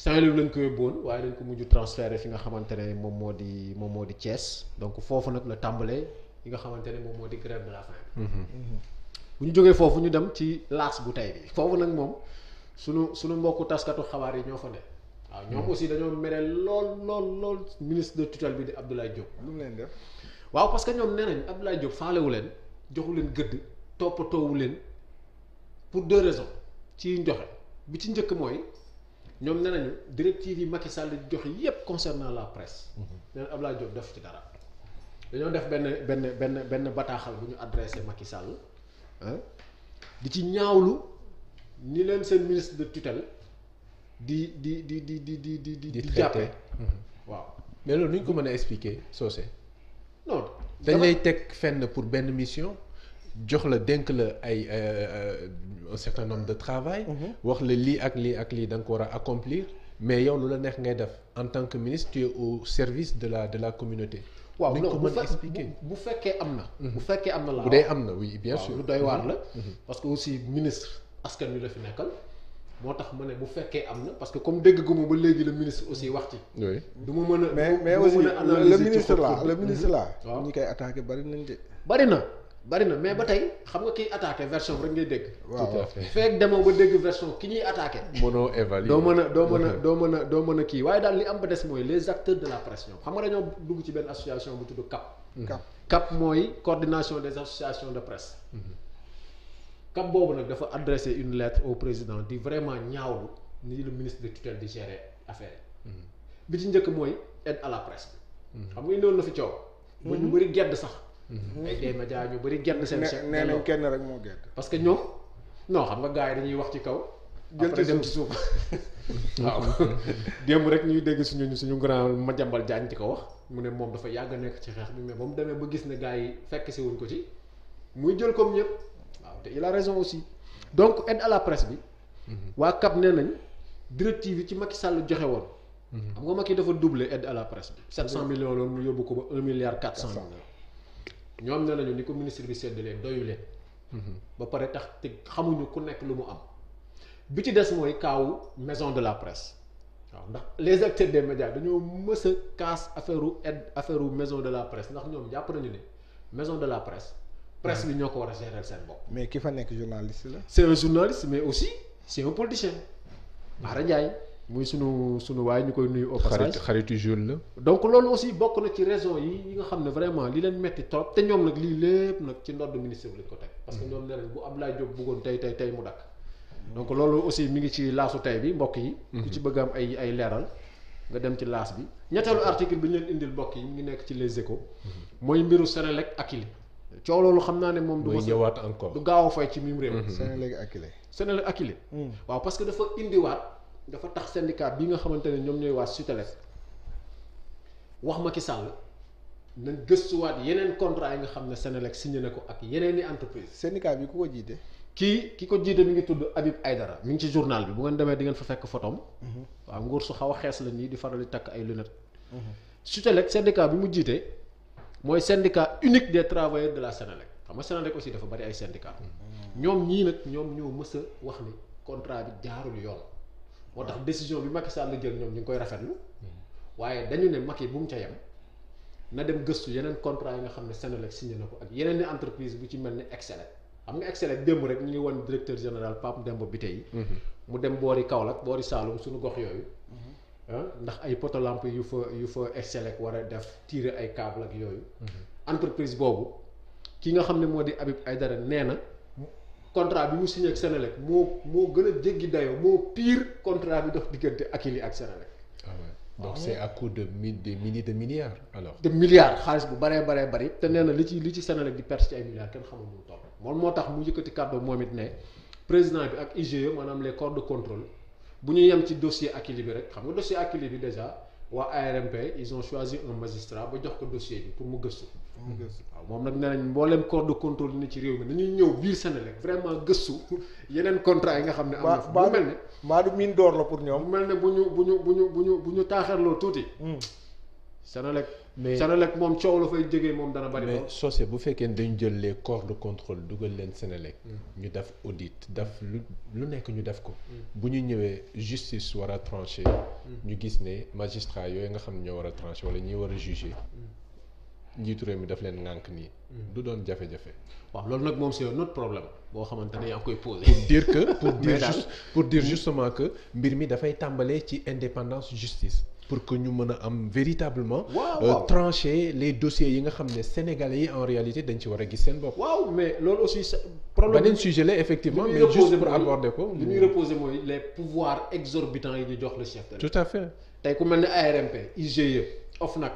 Saint-Louis lañ ko yóbbuwoon waaye dañ ko mujj transféré fi nga xamante ne moom moo di moom moo di cees donc foofu nag la tàmbalee yi nga xamante ne moom moo di grève de la faim mhm. bu ñu jógee foofu ñu dem ci laas bu tey bi foofu nag moom sunu sunu mbokku taskatu xabaar yi ñoo fa ne waaw ñoom mhm. aussi dañoo mere lool lool lool ministre de bi di Abdoulaye Diop. lu mu leen def waaw parce que ñoom nee nañ Abdoulaye Diop faalewu leen joxu leen gëdd toppatoowu leen pour deux raisons ci njoxe bi ci njëkk mooy. ñoom nee nañu directive yi Macky Sall di jox yépp concernant la presse. Mhm. nee na Abdoulaye Diop def ci dara. dañoo def benn benn benn benn bataaxal bu ñu adressé Macky Sall di ci ñaawlu ni leen seen ministre de tutelle di di di di di di di di. di mhm. waaw. mais loolu nu ñu ko mën a expliquer Socé. non dañ lay teg fenn pour benn mission. jox la dénk la ay euh, euh, un certain nombre de travail. Mhm. wax la lii ak lii ak lii da nga ko war a accomplir mais yow lu la neex ngay def en tant que ministre tu au service de la de la communauté. waaw non bu fekkee bu fekkee am na. Mhm. bu fekkee am na bu dee am na oui bien sûr. lu doy waar mhm. la. parce que aussi ministre askan wi la fi nekkal. moo tax ma ne bu fekkee am na parce que comme dégg gu ma ba léegi le ministre aussi wax ci. oui du ma mën a. mais ministre là ministre là. waaw ñi koy attaqué bari nañ de. bari na. bari na mais ba tey xam nga kiy attaqué version rek ngay dégg. waaw tout à fait feeg demoo ba dégg version ki ñuy attaqué. mënoo évaluer doo mën a doo mën a <laughs> doo mën a doo mën a kii waaye daal li am ba des mooy les acteurs de la presse ñoom xam nga dañoo dugg ci benn association bu tudd CAP. Mm-hmm. CAP CAP mooy coordination des associations de presse. Mm-hmm. CAP boobu nag dafa adressé une lettre au président di vraiment ñaawlu ni le ministre de tutelle di gérer affaire yi. Mm-hmm. bi ci njëkk mooy aide à la presse. xam nga indiwoon na fi coow. ba ñu bëri gedd sax. Mhm. ay tey média ñu bëri genn seen chèque nee nañ kenn rek moo gedd parce que ñoom non xam nga gars yi dañuy wax ci kaw après dem ci suuf <laughs> waaw <laughs> démb rek ñuy dégg suñu suñu grand Madiambal Diagne di ko wax mu ne moom dafa yàgg nekk ci xeex bi mais ba mu demee ba gis ne gars yi fekk si wuñ ko ci muy jël comme ñëpp waaw te il a raison aussi donc aide à la presse bi mhm. waa CAP nee nañ directive yi ci Macky Sall joxe woon mhm. xam nga Macky dafa doubler aide à la presse bi 700 millions loolu ko ba 1 milliard 400 ñoom nee nañu ni ko ministre bi séddalee doyu leen ba pare tax teg xamuñu ku nekk lu mu am bi ci des mooy kaaw maison de la presse waaw ndax les acteurs des médias dañoo mës a kaas affaire u aide affaire maison de la presse ndax ñoom jàpp nañu ne maison de la presse presse bi ñoo ko war a gérer seen bopp mais ki fa nekk journaliste la c'est un journaliste mais aussi c'est un politicien Bara Ndiaye muy sunu sunu waaye ñu koy nuy au passage xaritu jeune la donc loolu aussi bokk na ci raison yi yi nga xam ne vraiment li leen metti trop te ñoom nag lii lépp nag ci ndodd ministre bi ko teg parce que ñoom nee nañ bu Abdoulaye Diop bëggoon tey tey tey mu dakk donc loolu aussi mi ngi ci laasu tey bi mbokk yi mhm. ku ci bëgg am ay ay leeral nga dem ci laas bi ñetteelu article bi ñu indil mbokk yi mu ngi nekk ci les échos mhm. mooy mbiru Senelec Akilee coow loolu xam naa ne moom du ñëwaat encore du gaaw a fay ci mim réew mhm. Senelec Akilee Senelec Akilee mm. waaw parce que dafa indiwaat dafa tax syndicat bi nga xamante ne ñoom ñooy waa SUTELEC wax Macky Sall na gëstuwaat yeneen contrat yi nga xam ne Senelec signé na ko ak yeneen i entreprise bi ku jiite. kii ki ko jiite mi ngi tudd Habib Aydara mi ngi ci journal bi bu demee di ngeen fa fekk photom mhm. waaw su xaw xees la nii di faral di takk ay lunettes. Mhm. SUTELEC syndicat bi mu jiite mooy syndicat unique des travailleurs de la Senelec xam nga Senelec aussi dafa bari ay syndicats. Mhm. ñoom ñii nag ñoom ñoo mës a wax ni contrat bi jaarul yoon. moo tax décision bi Macky Sall la ñoom ñu ngi koy rafetlu waaye dañu ne Macky bu mu ca yam na dem gëstu yeneen contrat yi nga xam ne Senelec signé na ko ak yeneen entreprise bu ci mel ni Excelec xam nga Excelec démb rek ñu ngi woon directeur général Pape Demba Bitèye yi mhm. mu dem boori Kaolack boori Saloum suñu gox yooyu mhm. ah ndax ay poto lampe yu fa yu fa Excelec war a def tirer ay câble ak yooyu mhm. entreprise boobu ki nga xam ne moo di Habib Aïdara nee na contrat bi mu signé ak Sénélec moo moo gën a jéggi dayoo moo pire contrat bi dox diggante Akilee ak Sénélec. waaw ah ah donc c'est à coup de de milliers de milliards alors. de milliards xaalis bu baree baree bari te nee na li ci li ci Sénélec di perte ci ay milliards kenn xamul mu toll. moom moo tax mu yëkkati kàddu moom it ne président bi ak IGE maanaam les corps de contrôle bu ñu yem ci dossier Akilee bi rek xam nga dossier Akilee bi déjà. waa ARMP ils ont choisi un magistrat ba jox ko dossier yi pour mu gëstu. mu gëstu waaw moom nag nee nañ mbooleen corps de contrôle yi ci réew mi dañuy ñëw biir Sénégal vraiment gëstu yeneen contrat yi nga xam ne. am na fa bu mel ne maa du mine d'or la pour ñoom. bu mel ne bu ñu bu ñu bu ñu bu ñu bu ñu taaxarloo tuuti. Hmm. Sénégal. mais Senelec moom coow la fay jógee moom dana bari. mais socé bu fekkee dañu jël les corps de contrôle dugal leen Senelec. Mm. ñu def audit def lu lu nekk ñu def ko. Mm. bu ñu ñëwee justice war a tranché. Mm. ñu gis ne magistrat yooyu nga xam ne ñoo war a tranché wala ñi war a jugé. njiitu réew mi daf leen ngànk nii. du doon jafe-jafe. waaw loolu nag moom c'est un autre problème boo xamante ne yaa koy posé. pour que pour <laughs> dire juste pour justement que mbir mi dafay tàmbalee ci indépendance justice. pour que ñu mën a am véritablement. waaw euh, les dossiers yi nga xam ne sénégalais yi en réalité dañ ci war a gis seen bopp. waaw mais loolu aussi problème beneen sujet la effectivement. mais juste pour aborder ko. li ñuy reposer mooy les pouvoir exorbitants yi ñu jox le chef de tout à fait tey ku mel ne ARMP IGE OFNAC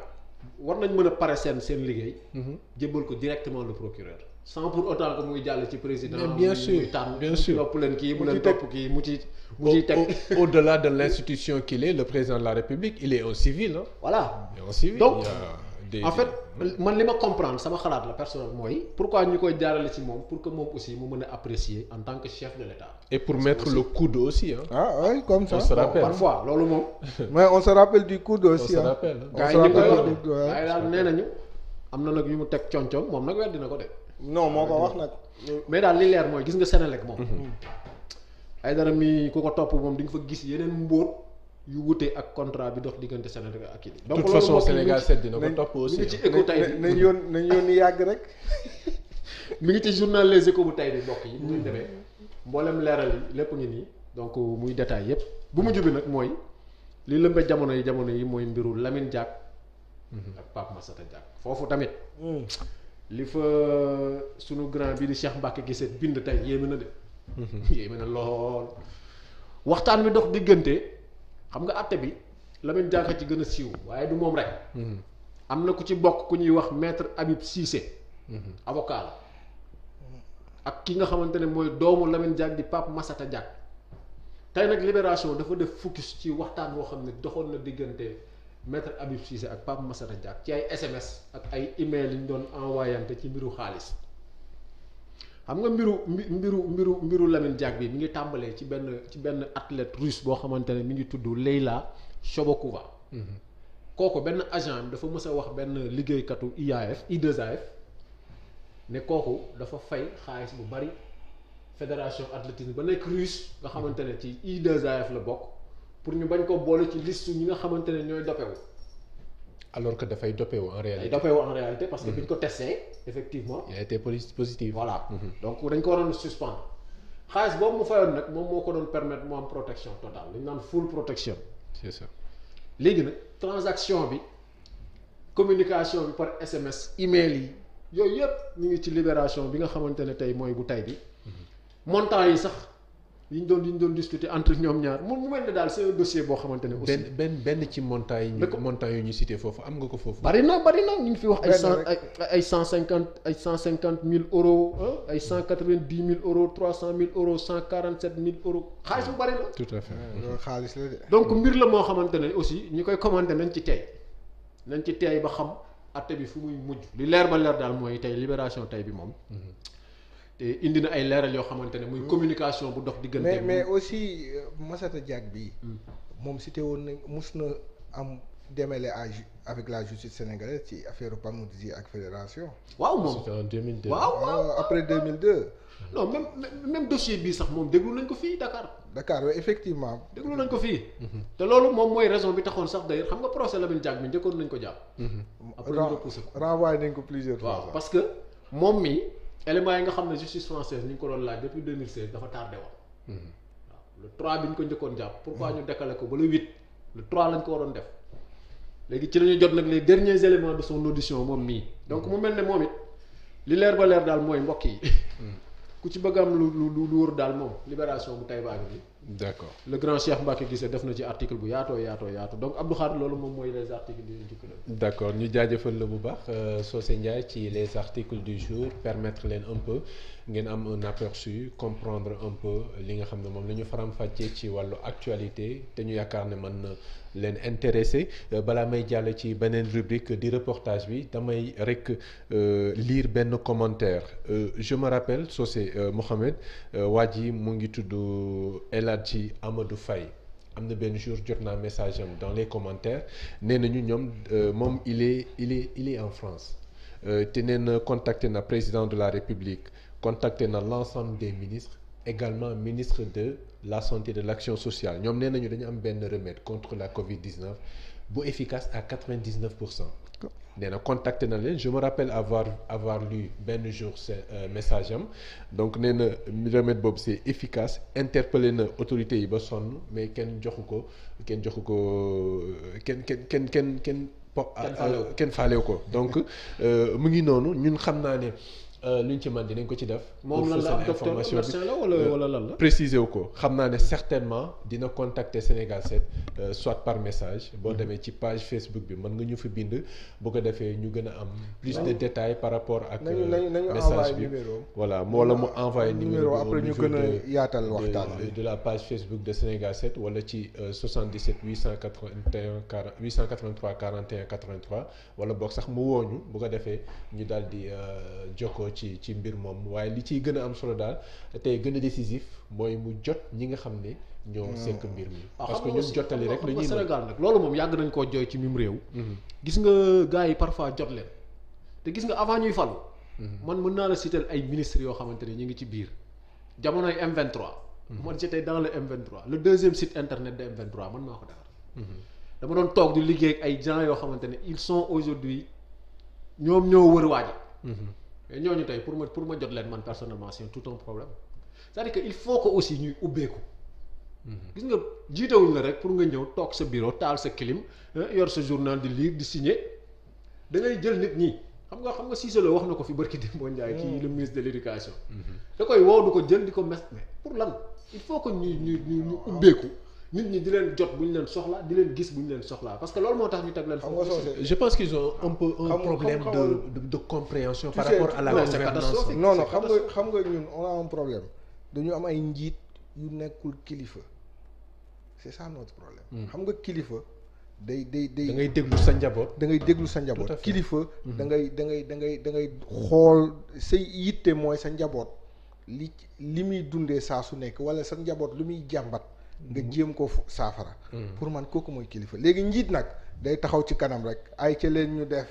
war nañ mën a pare seen seen liggéey. Mhm. jébbal ko directement le procureur. sans pour autant que muy jàll ci président. mais bien sûr bien sûr topp leen kii mu leen topp kii mu ci mu ci teg. au delà de l' institution qu'il le président de la république il est un civil ah. voilà il est un civil donc en fait man li ma comprendre sama xalaat la personnel mooy. pourquoi ñu koy jaarale ci moom pour que moom aussi mu mën a apprécier en tant que chef de l' état. et pour mettre aussi... le coude aussi ah. ah comme ça on loolu moom. <laughs> mais on se rappelle du am na nag yu mu teg coñ moom nag weddi na ko de. non moo ko wax nag. mais daal li leer mooy gis nga Senelec moom. Mhm. ay dara mi ku ko topp moom di fa gis yeneen mbóot yu wute ak contrat bi dox diggante Senelec ak it donc toute façon Sénégal sedd dina ko topp aussi mi ngi ci écho tey bi nañ yoon nañ yàgg rek. <laughs> mi ngi ci journal Les Échos bu tey bi mbokk yi. muy demee mboolem leeral lépp ngi nii. donc euh, muy détail yépp bu mu bi nag mooy li lëmbe jamono yi jamono yi mooy mbiru Lamine Diack. Mhm. ak Pape Massata Diack foofu tamit. Mm. li fa sunu grand bi di Cheikh Mbacke gisee bind tey yéeme na de. Mhm. yéeme na lool. waxtaan wi dox diggante xam nga àtte bi Lamine Diakha ci gën a siiw waaye du moom rek. Mhm. am na ku ci bokk ku ñuy wax maître Habib Cissé. Mhm. avocat ak ki nga xamante ne mooy doomu Lamine Diack di masat a Diack tey nag libération dafa def focus ci waxtaan woo xam ne doxoon na diggante. maître Habib Cissé ak Pape Massata Diack ci ay SMS ak ay email yi ñu doon envoyante ci mbiru xaalis xam nga mbiru mbiru mbiru mbiru Lamine Diack bi mi ngi tàmbalee ci benn ci benn athlète boo xamante ne mi ngi tudd Leila Shobakova mhm. kooku benn agent dafa mës a wax benn liggéeykatu IAF i 2 ne kooku dafa fay xaalis bu bari fédération athlétisme ba nekk russe nga xamante ne ci I2AF la bokk pour ñu bañ ko boole ci liste ñi nga xamante ne ñooy dopewu alors que dafay dopewu en réalité dopewu en réalité parce que bi ñu ko testé effectivement il a été positif voilà mmh. donc dañ ko waroon suspendre xaalis boobu mu fayoon nag moom moo ko doon permettre mu am protection totale dañ naan full protection c'est ça léegi nag transaction bi communication bi par SMS email yi yooyu yëpp ñu ngi ci libération bi nga xamante ne tey mooy bu tey bi mhm. montant yi sax yi ñu doon yi ñu doon discuter entre ñoom ñaar mu mel ne daal c'est dossier boo xamante benn benn ci montagne. dëkk montagne yu ñu cité foofu am nga ko foofu. bari na bari na ñu ngi fi wax. ay cent cinquante ay cent cinquante mille euros. ay cent quatre vingt dix mille euros trois cent mille euros cent quarante sept mille euros xaalis bu bari tout à fait loolu donc mbir la moo xamante ne aussi ñu koy commandé nañ ci tey nañ ci tey ba xam atte bi fu muy mujj. li leer ba leer daal mooy tey libération tey bi moom. Mhm. te indi na ay leeral yoo xamante ne muy mm. communication bu dox diggante. mais mais aussi euh, Massata Diack bii. Mm. moom cité woon nañ mus na am démêlé à avec la justice sénégalaise ci affaire Pamodizi ak fédération. waaw moom c'était en 2002. waaw waaw euh, après 2002. non même même dossier bii sax moom déglu nañ ko fii Dakar. Dakar waaye effectivement. déglu nañ ko fii. Mm-hmm. te loolu moom mooy raison bi taxoon sax d'ailleurs xam nga procès Lamine Diack bi njëkkoon nañ ko jàpp. Mm-hmm. après ñu nañ ko plusieurs fois. waaw parce que moom mi éléments yi nga xam ne justice française ñu ngi ko doon laaj depuis 2016 dafa tardé mhm. waaw le 3 bi ñu ko njëkkoon jàpp. pour pourquoi ñu dekkale ko ba le 8 le 3 lañ ko waroon def léegi ci la ñu jot nag les derniers éléments de son audition moom mii donc mu mel ne moom it li leer ba leer daal mooy mbokk yi. Mhm. ku ci bëgg am lu lu lu daal moom libération bu tay baa ngi nii. le grand Cheikh Mbacke Guissé def na ci article bu yaato yaato yaato donc Abdou Khadre loolu moom mooy les articles du jour. d'accord ñu jaajëfal la bu baax euh, Socé Ndiaye ci les articles du jour permettre leen un peu ngeen am un aperçu comprendre un peu li nga xam ne moom la ñu faram-fàccee ci wàllu actualité te ñu yaakaar ne mën na. leen intéressé euh, balaa may jàll ci beneen rubrique di reportage bi damay rek euh, liir benn commentaire euh, je me rappelle Socé Mohamed waa ji mu ngi tudd El Hadji Amadou fay am na benn jour jot naa message am dans les commentaires nee nañu ñoom moom il est il est il est en France te nee na contacté na président de la République contacté na l'ensemble des ministres également ministre de la santé et de l'action sociale ñoom nee nañu dañu am benn remède contre la Covid 19 bu efficace à 99 pour cent. nee na contacté na leen je me rappelle avoir avoir lu benn jour ce euh, message am donc nee na remède boobu c'est efficace interpellé na autorité yi ba sonn mais kenn joxu ko kenn joxu ko euh, kenn kenn kenn kenn kenn. kenn faalewu ko donc euh, mu ngi noonu ñun xam naa ne. Euh, lu ñu ci mën dinañ ko ci def. moom lan la docteur médecin la wala euh, wala wu ko xam naa ne certainement dina contacter Sénégal 7 euh, soit par message boo mm-hmm. demee ci page Facebook bi mën nga ñu fi bind bu ko defee ñu gën a am. plus de détails par rapport ak. message bi voilà moo la mu envoyé numéro après ñu gën a yaatal waxtaan bi de la page Facebook de Sénégal 7 wala ci 77 881 40 883 41 83 wala boog sax mu woo ñu bu ko defee ñu daal di jokkoo. ci ci mbir moom waaye li ciy gën a am solo daal tey gën a décisif mooy mu jot ñi nga xam ne ñoo cinq hmm. mbir mi ah, parce que ñoom jotali rek la ñuy Sénégal nag loolu moom yàgg nañ koo jooy ci mim réew hmm. gis nga gars yi parfois jot leen te gis nga avant ñuy falu hmm. man mën naa la citer ay ministres yoo xamante ne ñu ngi ci biir jamonoy M23 man j'étais dans le M23 le deuxième site internet de M23 man maa ko defar dama doon toog di liggéey ay gens yoo xamante ne ils sont aujourd'hui ñoom ñoo wër waaji ñooñu tey pour ma pour ma jot leen man personnellement c'est tout un problème cest à que il faut que aussi ñuy ubbeeku. Mhm. gis nga jiitawuñ la rek pour nga ñëw toog sa biro taal sa kilim yor sa journal di lire di signer da ngay jël nit ñi xam nga xam nga Cissé Lo wax na ko fi barki Demba Ndiaye kii le ministre de l'éducation. Mhm. da koy woo ko jël di ko mes mais pour lan il faut que ñuy ñuy mu ubbeeku. nit ñi di leen jot bu ñu leen soxla di leen gis bu ñu leen soxlaa parce que loolu moo tax ñu teg leen je pense qu'ils ont un peu un problème de de compréhension xam nga xam nga ñun on a un problème dañu am ay njiit yu nekkul kilifa c'est ça notre problème hmm. xam nga kilifa day day day da ngay déglu sa njaboot da ngay déglu sa njaboot kilifa hmm. da ngay dangay ngay da xool sa yitte mooy sa njaboot li li muy dundee saa su nekk wala sa njaboot lu muy jàmbat nga jéem koo saafara. Mm. pour man kooku mooy kilifa léegi njiit nag day taxaw ci kanam rek ay ca leen ñu def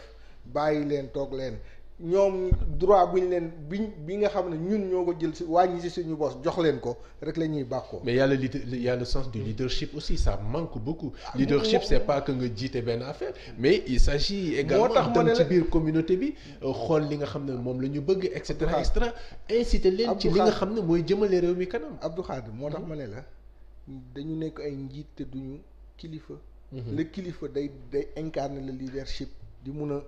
bàyyi leen toog leen ñoom droit bu ñu leen biñ bi nga xam ne ñun ñoo ko jël si wàññi si suñu boos jox leen ko rek la ñuy bàkkoo. mais y a le y a le sens du leadership aussi ça manque beaucoup. Ah, leadership c'est pas que nga jiite benn affaire mais il s'agit également dem ci biir communauté bi euh, xool li nga xam ne moom la ñu bëgg et cetera et cetera inciter leen ci li xam ne mooy jëmale réew mi kanam. Abdou Khadre moo tax mm-hmm. ma ne la. dañu nekk ay njiit te duñu kilifa. Mhm. le kilifa day day incarner le leadership di mun a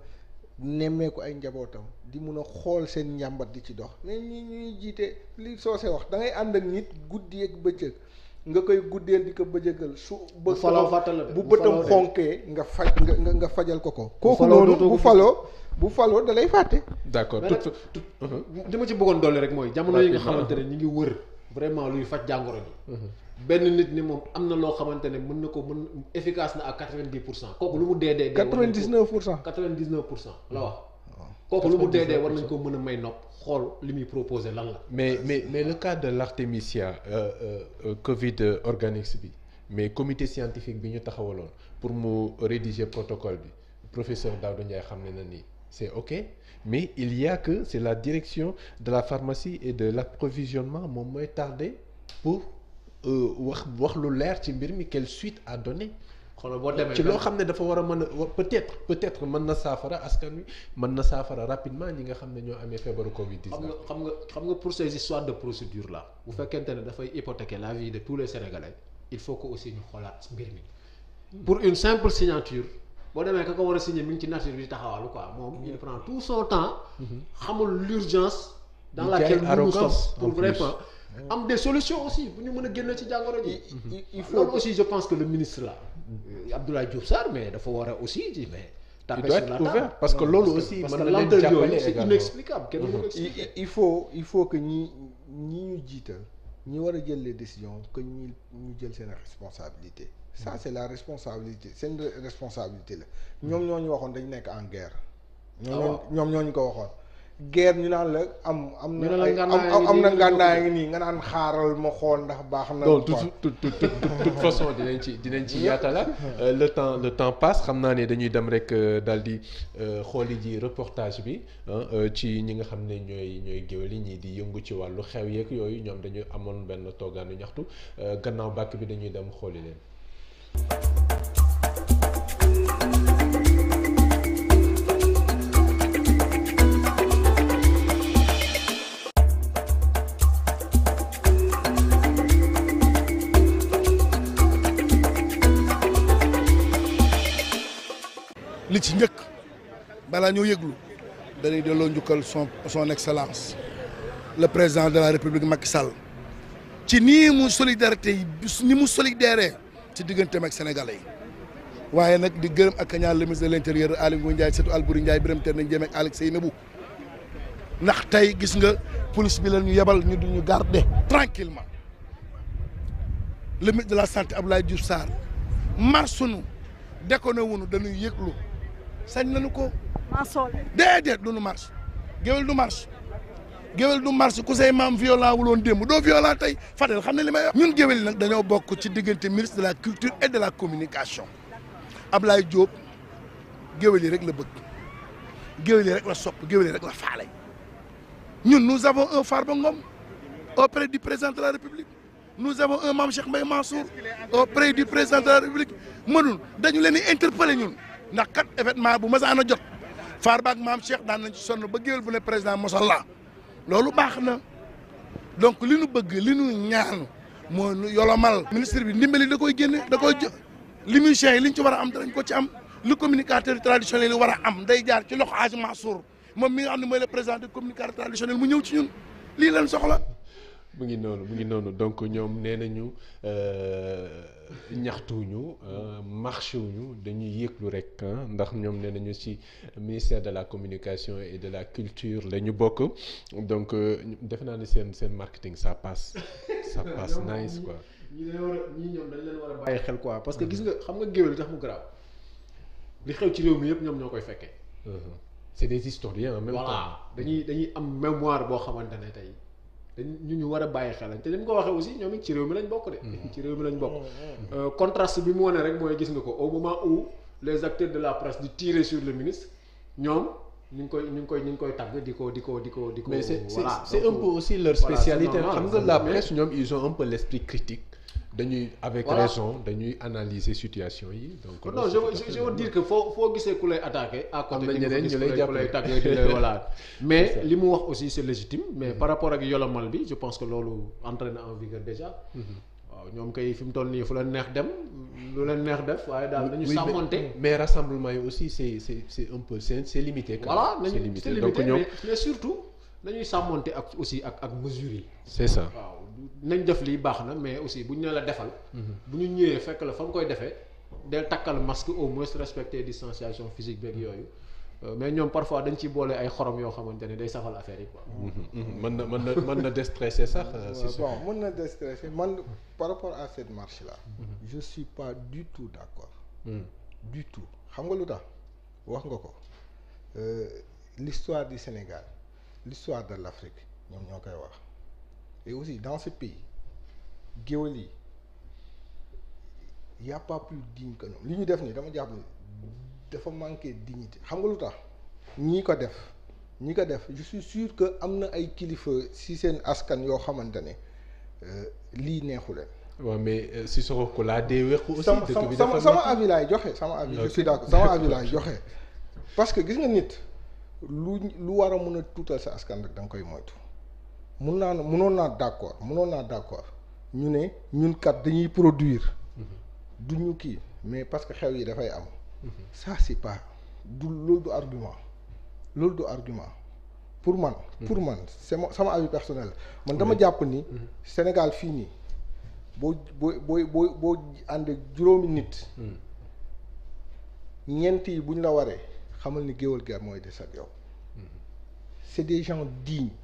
nemmee nemmeeku ay njabootam di mun a xool seen njàmbat di ci dox ne ñu ñuy jiite li soose wax dangay ànd ak nit guddi ak bëccëg nga koy guddeel di ko bëjëgal su. bu faloo bu bëtam nga faj nga fajal ko ko. kooku noonu bu faloo bu faloo dalay lay fàtte. d'accord tout tout. Uh-huh. li ma ci bëggoon dolli rek mooy jamono yi nga xamante ne ñu ngi wër. vraiment luy faj jàngoro ji mhm. benn nit ni moom am na loo xamante ne mën na ko mën efficace na à quatre vingt dix pour cent kooku lu mu dee dee quatre vingt dix neuf pour cent quatre vingt dix neuf pour cent la wax kooku ko mën a may nopp xool li muy proposé lan la mais mais mais le cas de l'artémisia euh, euh, euh, covid organique bi mais comité scientifique bi ñu taxawaloon pour mu rédiger protocole bi professeur Daouda Ndiaye xam ne na nii c'est ok mais il y que c'est la direction de la pharmacie et de l'approvisionnement moom mooy tardé pour euh, wax wax lu leer ci mbir mi quelle suite à donner. boo demee ci loo xam ne dafa war a mën a peut-être peut-être mën na saafara askan wi mën na saafara rapidement ñi nga xam ne ñoo amee feebaru Covid xam nga xam nga xam nga pour ces histoires de procédure la bu fekkente ne dafay hypothéquer la vie de tous les Sénégalais il faut que aussi ñu xoolaat mbir mi pour une simple boo demee ka ko war a signé mi ngi ci nature bi taxawaalu quoi moom il prend tout son temps mhm. xamul l'urgence dans laquelle nous nous sommes pour vraiment am des solution aussi bu ñu mën a génn ci jàngoro ji il faut aussi je pense que le ministre la euh, Abdoulaye Diouf Sarr mais dafa war a aussi ji mais il doit être ouvert parce que loolu aussi mën na leen jàppale c'est inexplicable mhm. il faut il faut que ñi ñi ñu jiital ñi war a jël les décisions que ñu ñu jël seen responsabilité ça c' est la responsabilité seen responsabilité la ñoom ñoo ñu waxoon dañu nekk en guerre. ñoom ah ñoom ñoo ñu ko waxoon. guerre ñu naan la am am na am na ngànnaay ngi nii nga naan xaaral ma xool ndax baax na loolu toute toute façon dinañ ci dinañ ci yaatala euh, le temps le temps passe xam naa ne dañuy dem rek euh, daal di euh, xooli ji reportage bi ci ñi nga xam ne ñooy ñooy géwél yi ñii di yëngu ci wàllu xew yeeg yooyu ñoom dañu amoon benn toogaanu ñaxtu gannaaw bàkk bi dañuy dem xooli leen li ci njëkk balaa ñoo yëglu dañuy delloo njukkal son son excellence le président de la république Macky Sall ci nii mu solidarité ni mu solidaire ci digganteem ak sénégalais yi waaye nag di gërëm ak kañaan le ministre de l' intérieur Aly Ngouille al surtout Alboury Ndiaye te na Ndiémé ak Aly Seynabou ndax tey gis nga police bi la ñu yebal ñu duñu garder tranquillement le ministre de la santé Abdoulaye Diouf Sarr marsunu déconné wunu dañuy yëglu sañ nañu ko. marche déedéet du nu marche géwél du marche. géwel du marche ku say maam violent wuloon démb doo violent tey Fadel xam ne li may wax ñun géwél yi nag dañoo bokk ci diggante ministre de la culture et de la communication Ablaye Diop géwél yi rek la bëgg géwél yi rek la sopp géwél yi rek la faale ñun nous avons un Farba Ngom auprès président de la République nous avons un Mame Cheikh Mbaye Mansour auprès du président de la République mënul dañu leen di interpeller ñun ndax kat événement bu masaan a jot Farba ak Mame Cheikh daan nañ ci ba géwél bu ne président mosalla loolu baax na donc li nu bëgg li nu ñaan moo nu yolomal ministre bi ndimbali da koy génne da li limousins yi li ñu ci war a am danañ ko ci am lu communicateur traditionnel yi war a am day jaar ci loxo Hadj Mansour moom mi nga xam ne mooy le président de communicateur traditionnel mu ñëw ci ñun lii leen soxla mu ngi noonu mu ngi noonu donc ñoom nee nañu euh, ñaxtuwuñu euh, marché ñu dañuy yëglu rek ndax ñoom nee nañu ci ministère de la communication et de la culture la ñu bokk donc euh, defe naa ne seen seen marketing ça passe ça <laughs> passe nice quoi. ñi leen war a ñii ñoom dañ bàyyi xel quoi parce que gis nga xam nga géwél tax mu garaaw li xew ci réew mi yëpp ñoom ñoo koy fekkee. Uh-huh. c'est des historiens en même temps dañuy dañuy am mémoire boo xamante ne tey. dañ ñu ñu war a bàyyi xel te dañ ko waxee aussi ñoom it ci réew mi lañ bokk de. Mm-hmm. ci réew mi lañ bokk. Mm-hmm. Euh, contraste bi mu wane rek mooy gis nga ko au moment où les acteurs de la presse di tirer sur le ministre ñoom ñu ngi koy ñu ngi koy ñu ngi koy tàgg di ko di ko di ko di ko. voilà c'est un peu aussi leur spécialité. xam nga la presse ñoom ils ont un l'esprit critique. dañuy avec voilà. raison dañuy analyser situation yi donc. Oh non je dire que foo foo gisee ku lay attaqué. à côté ñu lay jàppale voilà <laughs> mais li mu wax aussi c'est légitime mais mm-hmm. par rapport ak yolomal bi je pense que loolu entré na en vigueur déjà. Mm-hmm. fi mu toll nii fu leen neex dem lu leen neex def waaye daal dañu sàmmonte mais rassemblement yi aussi c'est c'est c'est un peu c'est c'est limité. voilà c'est limité donc ñoom mais surtout dañuy sàmmonte ak aussi ak ak mesures yi. c'est ça nañ def lii baax na mais aussi bu ñu ne la defal. bu ñu ñëwee fekk la fa nga koy defee del takkal masque au moins respecter distanciation physique beeg yooyu. Euh, mais ñoom parfois dañ ci boole ay xorom yoo xamante ne day safal affaire yi quoi. Mm-hmm, mm-hmm. mën na mën na mën na déstresser sax. Euh, c'est mën na déstresser man par rapport à cette marche là. Mm-hmm. je suis pas du tout d'accord. Mm. du tout xam nga lu tax wax nga ko euh, l'histoire du Sénégal l'histoire de l'Afrique ñoom ñoo koy wax. aussi dans ce pays géwël yi y a pas plus digne que ñoom li ñu def nii dama jàpp ni dafa manqué dignité xam nga lu tax ñii ko def ñi ko def je su sûr que am na ay kilifa si seen askan yoo xamante ne euh, lii neexu leen. waaw mais euh, si soxor ko laa dee wequ aussi dëkk bi dafa sama avis laay joxe sama avis je suis d'accord <laughs> joxe parce que gis nga nit lu lu war a mën a tuutal sa askan rek da nga koy moytu. mun naa munoon naa d'accord munoon naa d'accord ñu ne ñun kat dañuy produire mhm. du ñu kii mais parce que xew yi dafay am mhm. ça c'est pas du loolu du argument loolu du argument pour man mhm. pour man c'est sama avis personnel man dama jàpp ni Sénégal fii nii boo boo boo boo boo ànd juróomi nit ñeent yi bu ñu la waree xamal ni géwal ger mooy de ak yow c'est des gens dignes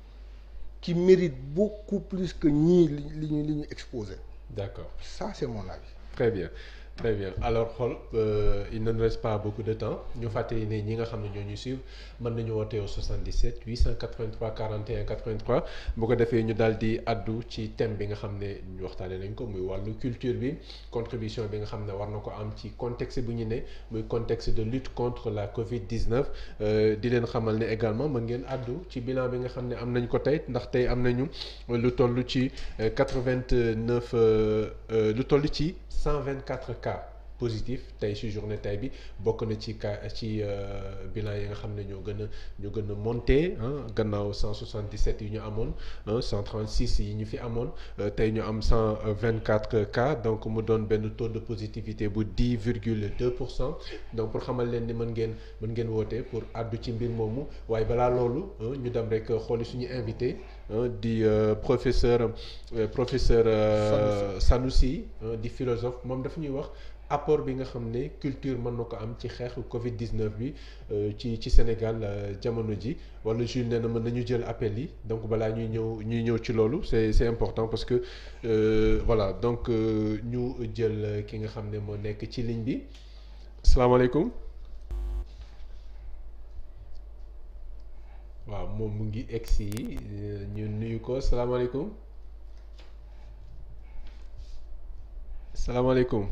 qui mérite beaucoup plus que ñii li ñu li ñu exposé. d'accord ça c'est mon avis. très bien. très bien alors xool euh, il ne nous reste pas beaucoup de temps ñu fàttali ne ñi nga xam ne ñoo ñuy suivre mën nañu woote au 77 883 41 83 bu ko defee ñu daal addu ci thème bi nga xam ne ñu waxtaanee nañ ko muy wàllu culture bi contribution bi nga xam ne war na ko am ci contexte bu ñu ne muy contexte de lutte contre la Covid 19 euh, di leen xamal ne également mën ngeen addu ci bilan bi nga xam ne am nañ ko tey ndax tey am nañu lu toll ci 89 euh, euh, lu toll ci 124. cas positif tey ci journée tey bi bokk na ci cas ci euh, bilan yi nga xam ne ñoo gën a ñoo gën a monté gannaaw 177 yi ñu amoon 136 yi ñu fi amoon euh, tey ñu am 124 cas donc mu doon benn taux de positivité bu 10 virgule 2 pour cent donc pour xamal leen ni mën ngeen mën ngeen woote pour àddu ci mbir moomu waaye balaa loolu ñu dem rek xooli suñu invité di euh, professeur professeur Sanoussi di philosophe moom dafa ñuy wax apport bi nga xam ne culture mën na ko am ci xeexu Covid 19 bi euh, ci ci Sénégal euh, jamono ji wala Jules nee na mën nañu jël appel yi donc balaa ñuy ñëw ñuy ñëw ci loolu c'est c'est important parce que euh, voilà donc euh, ñu jël ki nga xam ne moo nekk ci ligne bi salaamaaleykum. waaw moom mu ngi egg si ñu nuyu ko salaamaaleykum salaamaaleykum.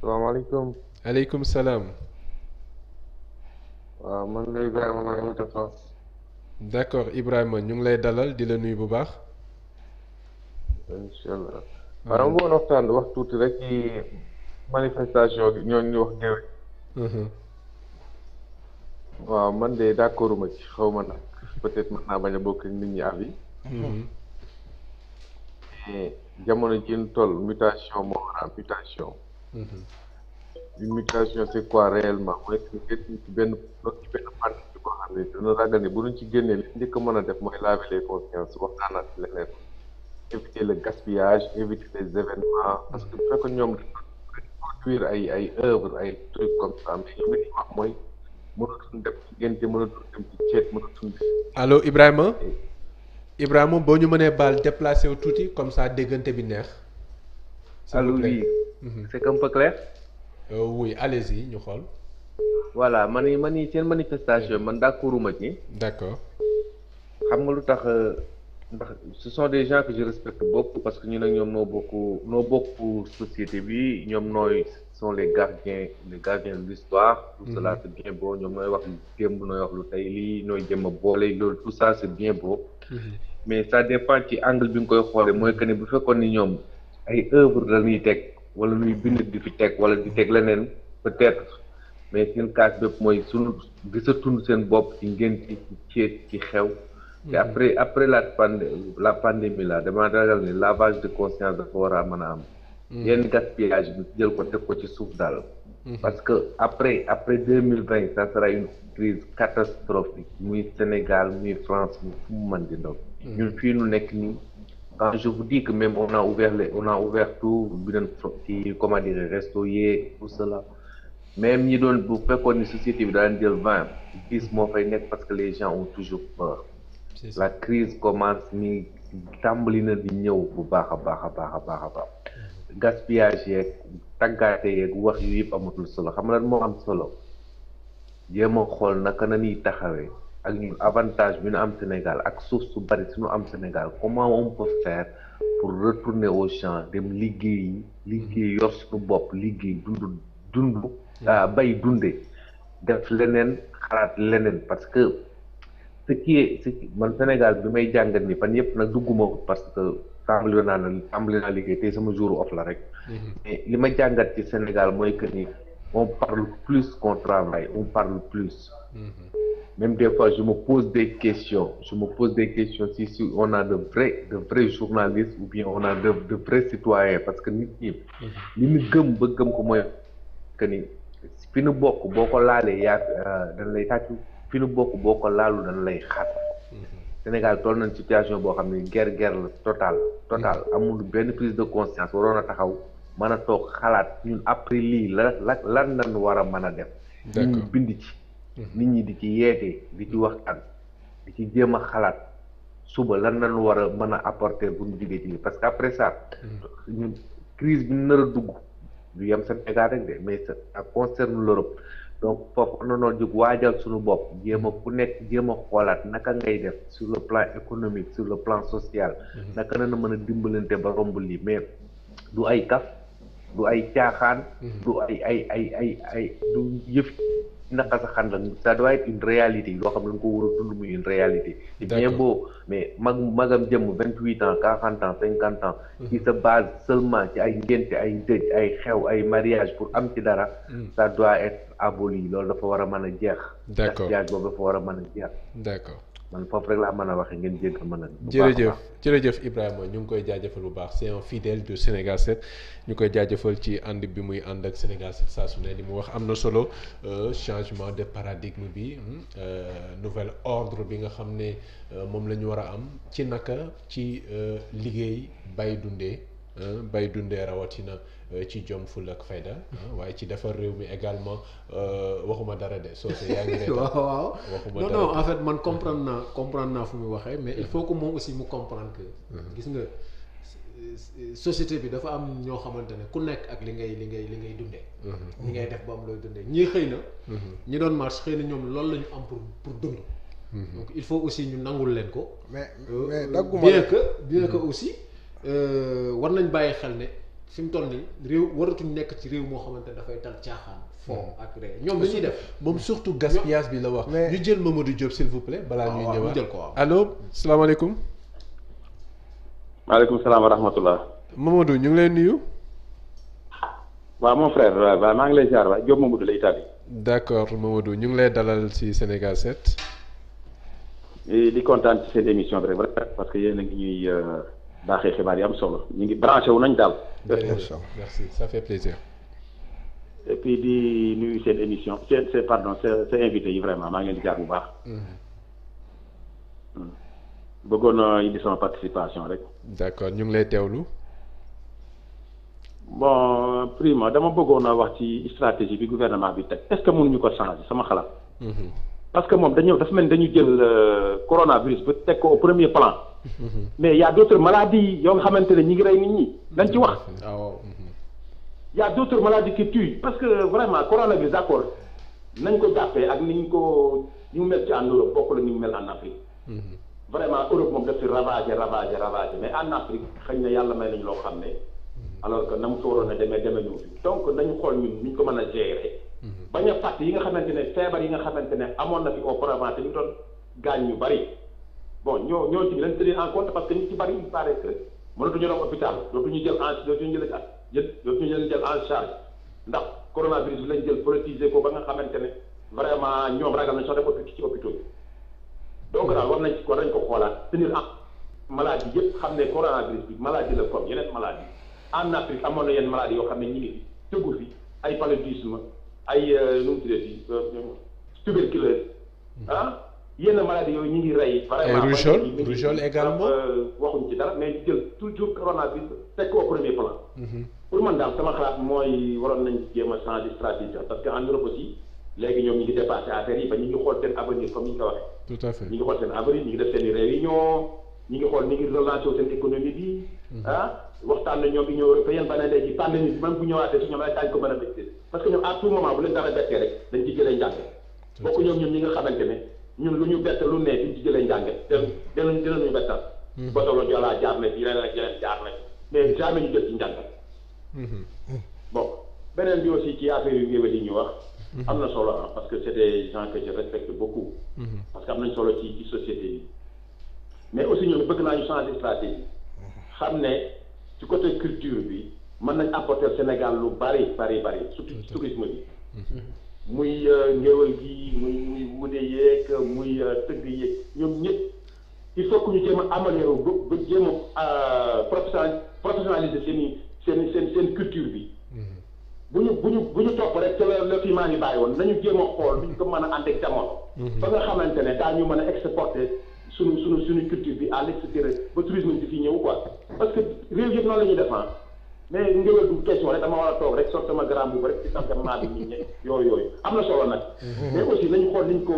salaamaaleykum. aleykum salaam. waaw man la Ibrahima maa ngi France. d'accord ñu ngi lay dalal di la nuyu bu baax. incha allah. waaw dama bëggoon waxtaan wax tuuti rek ci manifestation bi ñooñu wax géwél. Mhm. waaw man de d'accorduma ci xaw ma nag peut-être mën naa bañ a bokk nit ñi avis. Mhm. jamono ji toll mutation moo waral mutation. une mutation c' est quoi réellement mooy ci benn ci benn parti xam ne dina ragal ne bu ñu ci génnee li njëkk a mën a def mooy laver les consciences waxtaan ak leneen éviter le gaspillage éviter les événements parce que bu fekkoon ñoom produire ay ay œuvre ay trucs comme ça mais ñoom li wax mooy mënatuñ dem ci ngénte mënatuñ dem ci ceet mënatuñ allo Ibrahima Ibrahima boo ñu mënee baal déplacé wu tuuti comme ça déggante bi neex allo oui. Mhm. c'est un peu clair. Euh, oui allez-y ñu xool. voilà man yi man yi seen manifestation man d'accorduma ci. d'accord. xam nga lu tax euh, ndax ce sont des gens que je respecte beaucoup parce que ñu nag ñoom noo bokk noo bokk société bi ñoom nooy sont les gardiens les gardiens de l'histoire tout mhm. cela c'est bien boo ñoom nooy wax lu démb nooy wax lu tey lii nooy jëm a boole loolu tout ça c'est bien boo mhm. mais ça dépend ci angle bi nga koy xoolee mooy que ne bu fekkoon ni ñoom. ay œuvre la ñuy teg wala ñuy bind di fi teg wala di teg leneen peut-être mais seen kaas bépp mooy suñu gisatuñu seen bopp ci ngénte ci ceet ci xew mm-hmm. te après après la pand la pandémie la dama ragal ni lavage de conscience dafa war a mën a am mm-hmm. yenn gaspillage bi jël ko teg ko ci suuf daal mm-hmm. parce que après après deux mille vingt ça sera une crise catastrophique muy Sénégal muy France mu fu mu mën di doon ñun fii nu nekk nii quand je vous dis que même on a ouvert les on a ouvert tout bi doon ci comment dire resto yeeg tout cela même ñi doon bu fekkoon ni société bi daan jël vingt dix moo fay nekk parce que les gens ont toujours peur la crise commence mi tàmbali na di ñëw bu baax a baax a baax a baax a baax gaspillage yeeg tàggaate yeeg wax yu yëpp amatul solo xam lan moo am solo jéem a xool nag na ñuy taxawee ak ñun avantage bi ñu am Sénégal ak suuf su bari su ñu am Sénégal comment on peut faire pour retourner au champ dem liggéeyi liggéey yor suñu bopp liggéey dund dund ah, bay dundee def leneen xalaat leneen parce que ce qui est ce qui man Sénégal bi may jàngat ni fan yëpp nag dugguma parce que tàmbali naa na tàmbali naa liggéey tey sama jour off la rek mm-hmm. li ma jàngat ci Sénégal mooy que ni on parle plus qu'on travaille on parle plus mm-hmm. même des fois je me pose des question je me pose des questions si si on a de vrais de vrais journalistes ou bien on a de de vrais citoyens parce que nit ñi. li ñu gëm ba gëm ko mooy que ni fi nu bokk boo ko laalee yaa euh, dañ lay tàccu fi nu bokk boo ko laalu dañ lay xas. Sénégal toll nañ situation boo xam ne ger ger la total total amul benn prise de conscience waroon a taxaw man a toog xalaat ñun après lii la la lan la war a mën a def. ñu bind ci. nit ñi di ci yeete di ci waxtaan di ci jéem a xalaat suba lan lañ war a mën a apporter bu ñu jugee ci lii parce que après ça. Mm. ñun crise bi ñu nar a dugg du yem Sénégal rek de mais ça concerne l'Europe donc foofu noonu jóg waajal suñu bopp jéem ku nekk jéem a xoolaat naka ngay def sur le plan économique sur le plan social. Mm-hmm. naka nana mën a dimbalante ba romb lii mais du ay kaf du ay caaxaan. Mm-hmm. du ay ay ay ay du yëf. naqa sa xan la ça doit être une réalité loo xam ne dañ ko war a dund muy une réalité c'est bien beau mais mag magam jëm vingt huit ans quarante ans cinquante ans mm-hmm. qui se base seulement ci ay ngénte ay dëj ay xew ay mariage pour am ci dara mm. ça doit être aboli loolu dafa war a mën a jeex d'accord boobu dafa war a mën a jeex d'accord man foofu rek laa mën a waxee ngeen jéggal ma nag. jërëjëf jërëjëf Ibrahima ñu ngi koy jaajëfal bu baax c'est un fidèle du Sénégal 7 ñu koy jaajëfal ci ànd bi muy ànd ak Sénégal 7 saa su ne li mu wax am na solo euh, changement de paradigme bi hmm, euh, nouvelle ordre bi nga xam ne euh, moom la ñu war a am ci naka ci liggéey bay dundee bay dundee rawatina. Euh, ci jom ful ak fayda ah, waaye ci defar réew mi également euh, waxuma dara de soo yaa ngi <laughs> waaw waaw waxuma dara non man comprendre naa fu muy waxee mais il faut que moom aussi mu comprendre que mhm. gis nga société bi dafa am ñoo xamante ne ku nekk ak li ngay li ngay li ngay dundee ñi mhm. ngay def ba am looy dundee ñii xëy na mhm. ñi doon marche xëy na ñoom loolu la ñu am pour pour dund donc il faut aussi ñu nangul leen ko mais euh, mais dagguma bien que bien que aussi war nañ bàyyi xel ne fi mu toll nii réew waratuñ nekk ci réew moo xamante dafay tal caaxaan. foo hmm. ak ree ñoom li ñuy def. moom surtout gaspillage bi la wax. ñu jël Mamadou Diop s'il vous plaît. balaa ah, ñuy ñëwaat jël ko waaw allo salaamaaleykum. maaleykum salaam wa rahmatullah. Mamadou ñu ngi lay nuyu. waaw mon frère waaw maa ngi lay ziar waay Diop Mamadou la Italie. d'accord Mamadou ñu ngi lay dalal ci Sénégal 7. di kontaan ci seen émission bi rek parce que yéen a ngi ñuy. Euh, baaxee xibaar yi am solo ñu ngi branché wu nañ daal. merci ça fait plaisir. et puis di nuyu seen émission seen seen pardon seen seen invité yi vraiment maa ngi leen di jaar bu baax. Mm-hmm. Mm. bëggoon na indi sama participation rek. d'accord ñu ngi lay teewlu. bon prima dama bëggoon a wax ci stratégie bi gouvernement bi teg est-ce que mënuñu ko changer sama xalaat. Mm-hmm. parce que moom dañu dafa mel ni dañu jël euh, coronavirus ba teg ko au premier plan. mais y' a d' autres yoo nga xamante ne ñi ngi rey nit ñi dañ ci wax. yaa ah, a d' autres maladies parce que vraiment coronavirus d' accord nañ ko jàppe ak ni ñu ko ñu mel ci en Europe bokk la ni ñu mel en Afrique. Mm-hmm. vraiment Europe moom daf fi ravagé ravagé mais en Afrique xëy na yàlla may nañu loo xam ne mm-hmm. alors que na mu sooroon a demee demee ñu donc nañu xool ñun ni ñu ko mën a gérer. Mm-hmm. bañ a fàtt yi nga xamante ne feebar yi nga xamante ne amoon na fi auparavant te ñu doon gaañ ñu bari. bon ñoo ñoo ci leen tenir en compte parce que ñu ci bari il paraît que mënatuñu dem hôpital dootuñu jël en dootuñu jël ak jël dootuñu leen jël en charge ndax coronavirus bi lañ jël politiser ko ba nga xamante ne vraiment ñoom ragal nañ sax def hôpital ci hôpital donc daal war nañ ci war nañ ko xoolaat tenir en maladie yëpp xam ne coronavirus bi maladie la comme yeneen maladie en Afrique amoon na yenn maladie yoo xam ne ñu ngi tëggu fi ay paludisme ay euh, nu mu tuddee euh, tuberculose ah yenn maladies yooyu ñu ngi rey. vraiment rougeole rougeole euh, waxuñ ci dara mais jël toujours coronavirus teg ko au premier mhm. pour man daal sama xalaat mooy waroon nañ ci jéem a changer stratégie parce que en Europe aussi léegi ñoom ñu ngi dépassé affaire yi ba ñu ngi xool seen avenir comme ñu ngi xool seen avenir ñu ngi def seen i réunion ñu ngi xool ni ngi relancé seen économie bi. Mhm. Ah, waxtaan na ñoom ba yéen ne léegi pandémie bi même bu ñëwaatee si que ñoom bu leen dara bettee ñoom ñoom ñi nga xamante ne ñun lu ñu bett lu ne bi ci jëlee njàngat dem dinañ dinañu bettal. Hmm. Botolo Jola jaar na ci yeneen ak yeneen jaar na mais jamais ñu jot ci njàngat. Hmm. bon beneen bi aussi ci affaire yu géwél yi ñu wax. Hmm. am na solo ah parce que c'est des gens que je respecte beaucoup. parce que am nañ solo ci ci société yi. mais aussi ñun bëgg naa ñu changer stratégie. xam ne ci côté culture bi mën nañ apporter Sénégal lu bari bari bari surtout ci tourisme bi. muy euh, ngéwél gi muy muy wude yeeg muy euh, tëgg yeeg ñoom ñëpp il faut que ñu jéem a améliorer ba ba jéem a euh, professionnaliser seen i seen seen seen culture bi. Mm-hmm. bu ñu bu ñu bu ñu topp rek te la la fi maa ngi bàyyi woon nañu jéem a xool duñ ko mën a ànd ak jamono. ba mm-hmm. nga xamante ne daa ñu mën a exporter suñu suñu suñu culture bi à l'extérieur ba tourisme fi ñëw quoi parce que réew yëpp noonu la ñuy ah. mais ngëwël du question rek dama war a toog rek sotti ma garaam bu rek ci sant maa bi ñi yooyu yooyu am na solo nag. Mhm. mais aussi nañu xool niñ ko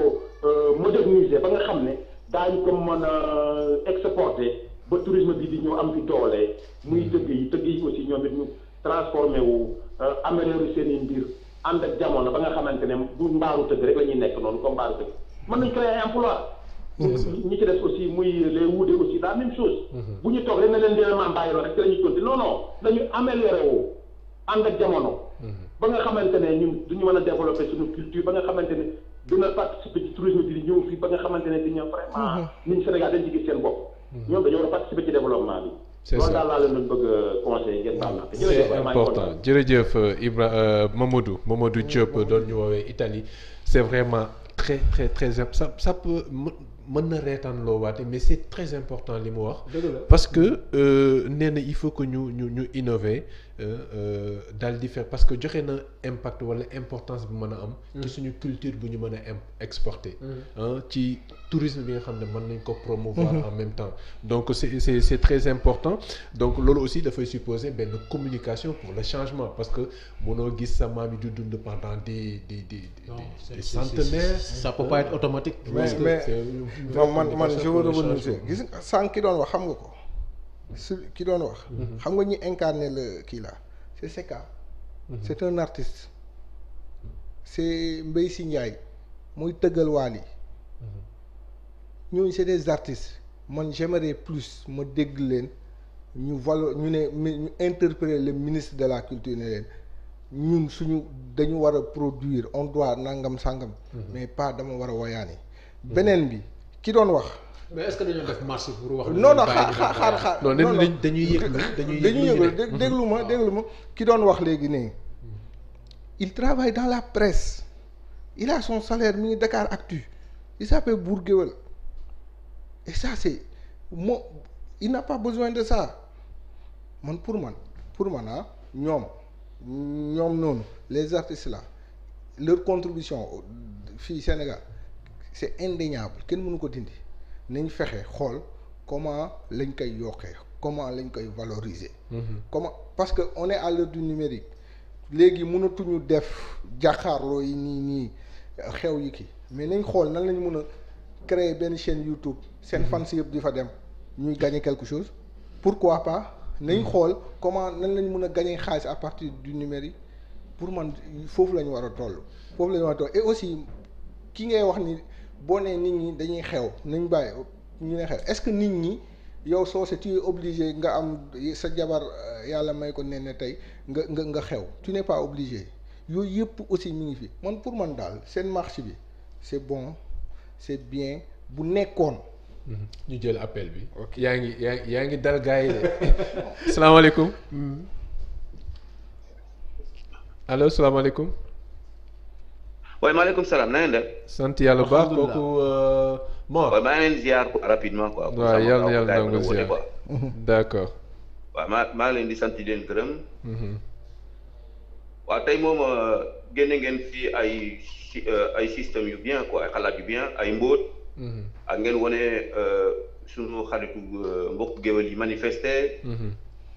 euh, moderniser ba nga xam ne daañu ko mën a exporter ba bii bi ñoo ñëw am fi doole muy mhm. tëgg yi tëgg yi aussi ñoom it ñu transformé wu euh, améliorer seen i mbir ànd ak jamono ba nga xamante ne bu mbaaru tëgg rek la ñuy nekk noonu comme mbaaru tëgg mën nañ créer ay emploi ñi ci des aussi muy les wuude aussi la même chose. bu ñu toog rek na leen dina maam bàyyi loolu rek ci la ñuy tontu non non dañu amélioré wu ànd ak jamono. ba nga xamante ne du ñu mën a développé suñu culture ba nga xamante ne dina participer ci tourisme bi di ñëw fii ba nga xamante ne di ñëw vraiment. niñ Sénégal dañ ci seen bopp. ñoom dañoo war a participer ci développement bi. c'est ça loolu daal laa leen doon bëgg a ba ngeen baal na. c'est important jërëjëf euh, Ibra euh, Mamadou Mamadou Diop doon ñu woowee Italie c'est vraiment mën na reetaan loo waate mais c'est très important li mu wax parce que euh, nee na il faut que ñu ñu ñu innover Euh, euh, daal di faire parce que joxe na impact wala importance bi mën a am. ci mm. suñu culture bu ñu mën a exporté exporter. Mm. ci tourisme bi nga xam ne mën nañ ko promouvoir. Mm-hmm. en même temps donc c' est c' est très important donc loolu aussi dafay supposer benn communication pour le changement parce que mënoo gis sa maam yi di dund pendant des des des. des centenaires. ça peut pas être automatique. Euh, mais mais man man je veux revenir gis na sànq ki doon xam nga ko. su ki doon wax. Mhm. xam nga ñu incarné la kii la c' est Secka. Mhm. est un artiste. c' est Mbaye Sy Ndiaye muy tëggal yi mhm. ñoo c' est des artistes man j'aimerais plus ma dégg leen ñu valo ñu ne ñu interpeller le ministre de la culture ne leen ñun suñu dañu war a produire on doit nangam sàngam. mais pas dama war a yi beneen bi ki doon wax. mais est que dañoo pour wax. non non xaar xaar xaar non dañuy dañuy dañuy yëg dañuy déglu ma déglu ma ki doon wax léegi nii il travaille dans la presse il a son salaire mi ngi Dakar Actu il s'appelle Bourguewal et ça c'est moo il n'a pas besoin de ça man pour man pour man ah, ñoom ñoom noonu les artistes là leur contribution fii Sénégal c'est indéniable kenn mënu ko dindi. nañ fexe xool comment lañ koy yokkee comment lañ koy valoriser. Mhm. comment parce que on est à l'heure du numérique léegi mënatuñu def jàkkaarloo yi nii nii xew yi kii mais nañ xool nan lañu mën a créer benn chaîne YouTube seen mhm. fans yëpp di fa dem ñuy gagner quelque pour quoi pas nañ mhm. xool comment nan lañ mën a gagner xaalis à partir du numérique pour man foofu la ñu war a toll foofu la ñu war a aussi ki ngay wax ni. boo nee nit ñi dañuy xew nañ bàyyi ñu ne xew est-ce que nit ñi yow soo se tu es obligé nga am sa jabar euh, yàlla may ko nen tey nga nga nga xew tu ne pas obligé yooyu yëpp aussi mi ngi fi man pour man daal seen marché bi c'est bon c'est bien bu nekkoon. Mhm. ñu jël appel bi. yaa ngi yaa yaa ngi dal gars yi de. <laughs> salaamaaleykum. Mm. allo salaamaaleykum. waaye maaleykum salaam na de def. sant yàlla bu baax kooku Mor. waaye maa ngi leen ziar rapidement quoi. waaw yàlla yàlla nangu <laughs> ziar d' accord. maa maa ngi leen di sant di leen gërëm. Mhm. waaw tey moom uh, génne ngeen fi ay uh, ay système yu bien quoi ay xalaat yu bien ay mbóot. Mhm. ak ngeen wane uh, sunu xaritu mbokk géwél yi manifester. Mhm.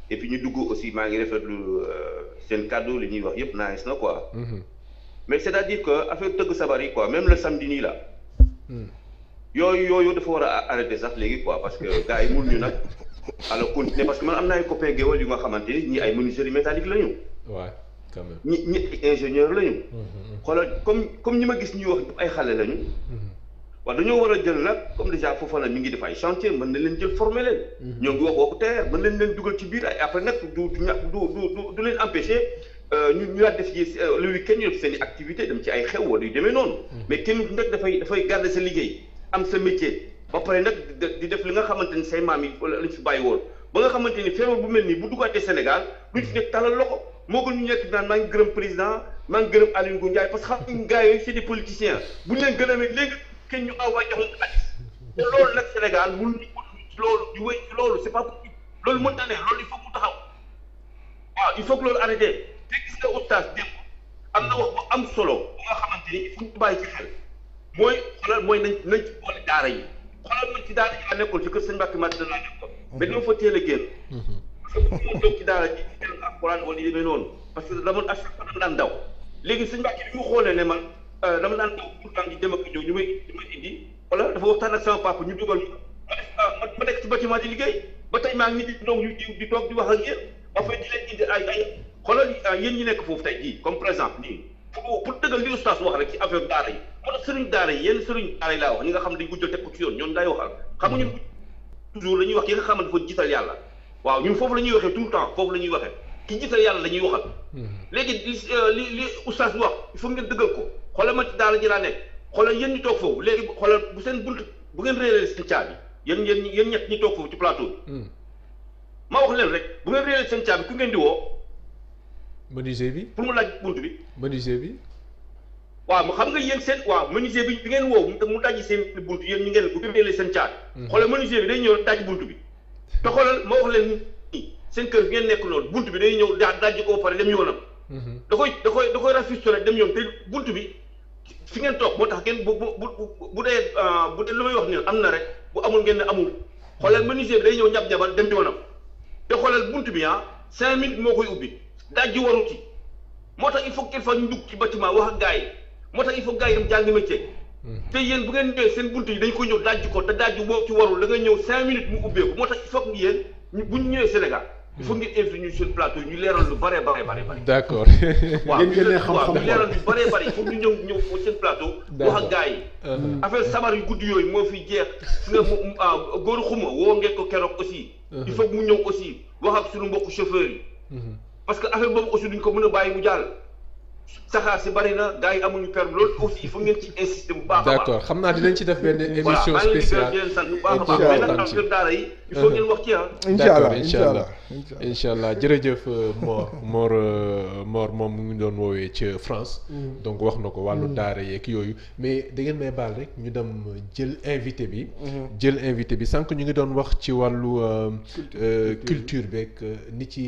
et puis ñu dugg aussi maa ngi rafetlu seen kàddu li ñuy wax yëpp nice na quoi. mais c'est-à-dire que affaire tëgg sabar yi quoi même le samedi nii la. Hmm. yooyu yooyu dafa war a arrêter sax léegi quoi parce que gars yi mënuñu nag alors continuer parce que man am na ay copains géwél yu nga xamante ni ñii ay menuiserie métallique la ñu. waaw quand ñi ñi ingénieur la ñu. Hmm, hmm, comme comme ñi ma gis ñi wax ay xale la ñu. waaw dañoo war a jël nag comme déjà foofa nag ñu ngi def ay chantier mën na leen jël former leen. ñoo ngi wax waxu teer mën nañ leen dugal ci biir ay après nag du du du du leen empêcher. Euh, ñu ñu daal def ci euh, le week ñu def seen i activité dem ci ay xew wala yu demee noonu. Mm-hmm. mais kenn nag dafay dafay garder sa liggéey am sa métier ba pare nag di def li nga xamante ni say maam yi wala lañ fi bàyyi woon ba nga xamante ni feebar bu mel nii bu duggaatee Sénégal duñ fi nekk talal loxo moo gën ñu nekk naan maa ngi gërëm président maa ngi gërëm Aliou Ngou Ndiaye parce que xam nga gars yooyu c'est des bu ñu leen gërëmee léegi kenn ñu envoyé jox leen xaalis te loolu nag Sénégal di wéy loolu c'est loolu mënta ne loolu il faut que mu ah, loolu arrêté te gis nga oustaz démb am na wax bu am solo bu nga xamante ni fu ñu bàyyi ci xel mooy xoolal mooy nañ nañ ci boole daara yi xoolal man ci daara ji nekkoon ci kër sëñ Mbacke Madina ma toog ci daara ji ci noonu parce que dama à chaque fois dama daan daw léegi sëñ Mbacke mu xoolee ne man euh, dama daan daw pour tànk di dem ak ñëw ñu may ñu indi wala dafa waxtaan ak sama papa ñu dugal ah, ma ma nekk ci bâtiment di liggéey ba tey maa ngi di donc ñu di toog di wax ak yéen xoolal euh, yéen ñi nekk foofu tey jii comme par exemple nii pour pour dëggal li oustaz wax rek ci affaire daara yi moo tax sëriñ daara yi yenn sëriñ daara yi laa wax ñi nga xam dañ ko jël teg ko ci yoon ñoom daay waxal xam la ñuy wax yi nga xam ne dafa jiital yàlla waaw ñun foofu la ñuy waxee tout le temps foofu la ñuy waxee ki jiital yàlla la ñuy waxal mhm. léegi euh, li li oustaz wax il faut ngeen dëggal ko xoolal ma ci daara ji laa nekk xoolal yéen ñu toog foofu léegi xoolal bu seen bunt bu ngeen réeré seen caabi yéen yéen yéen ñett ñi toog foofu ci plateau bi mhm. ma wax leen rek bu ngeen réeré ku ngeen di woo menuisier bi pour mu laaj bunt bi. menuisier bi. waaw mu xam nga yéen seen waaw menuisier bi bi ngeen woow mu dajji seen bunt yéen ñu ngeen bu demee seen caat. Mhm. xoolal menuisier day ñëw daj bunt bi. te xoolal ma leen nii seen kër ngeen nekk noonu bunt bi day ñëw daa dajji ko ba pare dem yoonam. Mhm. da koy da koy da koy rafistole dem yoon te bunt bi fi ngeen moo tax ngeen bu bu bu dee euh, bu dee lu may wax nii am na rek bu amul ngeen ne amul. xoolal mhm. menuisier bi day ñëw ñab ñabal dem yoonam. te xoolal bunt bi ah cinq minutes moo koy ubbi. dajji waru ci moo tax il faut qu'il faut ñu dugg ci bâtiment wax ak gars yi moo tax il faut gars yi dem jàngi métier. Mm-hmm. te yéen bu ngeen ñëwee seen bunt yi dañ ko ñëw dajji ko te dajji boo ci warul da nga ñëw cinq minutes mu ubbeeku moo tax il faut yéen bu ñu ñëwee Sénégal. il faut mm-hmm. ngeen invité ñu sur plateau ñu leeral lu bëree bëri bëri. d' accord <laughs> ngeen gën a xam-xam waaw leeral lu bëree bëri il faut ñu ñëw ñëw seen plateau. wax ak gars yi. Uh-huh. affaire sabar yu guddi yooyu moo fi jeex su nga ah, góor xuma woo ngeen ko keroog aussi. Uh-huh. il faut mu ñëw aussi wax ak suñu mbokku chauffeur yi uh-huh. parce que affaire boobu aussi duñ ko mu jàll saxaar si bari na gars yi amuñu permis loolu a d' accord xam naa dinañ ci def benn émission spéciale voilà maa ngi a baax mais nag affaire daara yi. il faut euh, allah incha allah incha allah jërëjëf euh, Mor Mor euh, moom mu ngi doon woowee ci France. Mm. donc wax na ko wàllu mm. daara yeeg yooyu mais da ngeen may baal rek ñu dem jël invité bi. Mm-hmm. jël invité bi sànq ñu ngi doon wax ci wàllu. culture beeg nit ci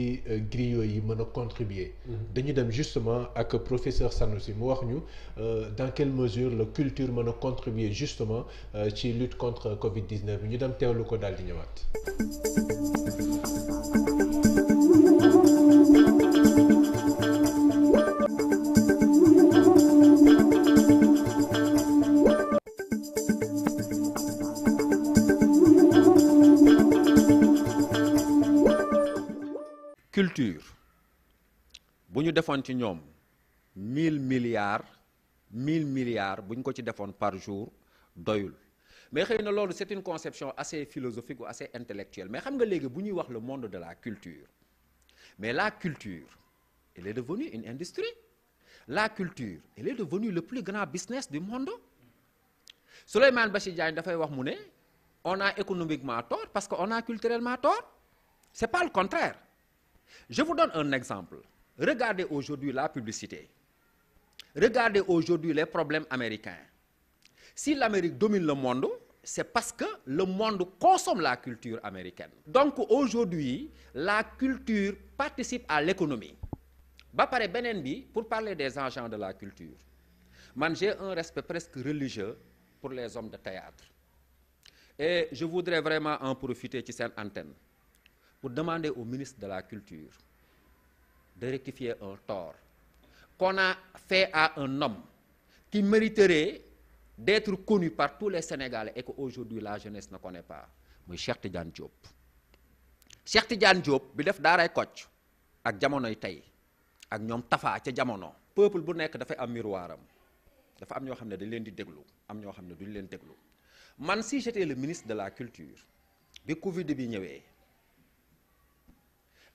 griot yi mën a contribuer. Mm-hmm. dañu dem justement ak. professeur Sanoussi mu wax ñu euh, dans quelle mesure la culture mën a contribuer justement euh, ci lutte contre Covid 19 bi ñu dem teewlu ko daal di ñëwaat. culture ci ñoom mille milliards mille milliards bu ñu ko ci defoon par jour doyul mais xëy na loolu c'est une conception assez philosophique ou assez intellectuelle mais xam nga léegi bu ñuy wax le monde de la culture mais la culture elle est devenue une industrie la culture elle est devenue le plus grand business du monde Souleymane Bachir Diagne dafay wax mu ne on a économiquement tort parce que on a culturellement tort c'est pas le contraire je vous donne un exemple regardez aujourd'hui la publicité Regardez aujourd'hui les problèmes américains. Si l'Amérique domine le monde, c'est parce que le monde consomme la culture américaine. Donc aujourd'hui, la culture participe à l'économie. Ba pare beneen bi pour parler des agents de la culture. Man un respect presque religieux pour les hommes de théâtre. Et je voudrais vraiment en profiter ci seen antenne pour demander au ministre de la culture de rectifier un tort qu'on a fait à un homme qui mériterait d'être connu par tous les Sénégalais et qu'aujourd'hui la jeunesse ne connaît pas muy Cheikh Tidiane Diop. Cheikh Tidiane Diop bi def daaray Kocc ak jamonoy tey ak ñoom Tafa ca jamono. peuple bu nekk dafay am miroiram dafa am ñoo xam ne dañ leen di déglu am ñoo xam ne duñ leen déglu man si j'étais le ministre de la culture bi Covid bi ñëwee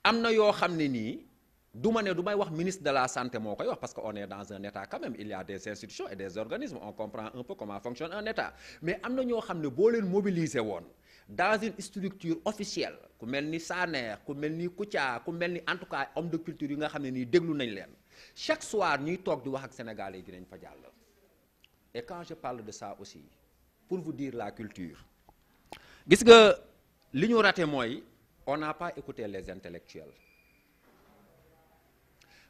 am na yoo xam ne nii. du ma ne du may wax ministre de la santé moo koy wax parce que on est dans un état quand même il y des institutions et des organismes on comprend un peu comment fonctionne un état mais am na ñoo xam ne boo leen mobiliser woon dans une structure officielle ku mel ni Saner ku mel ni Kouthia ku mel ni en tout cas homme de culture yi nga xam ne nii déglu nañ leen chaque soir ñuy toog di wax ak Sénégalais yi dinañ fa jàll. et quand je parle de ça aussi pour vous dire la culture. gis nga li mooy on n'a pas les intellectuels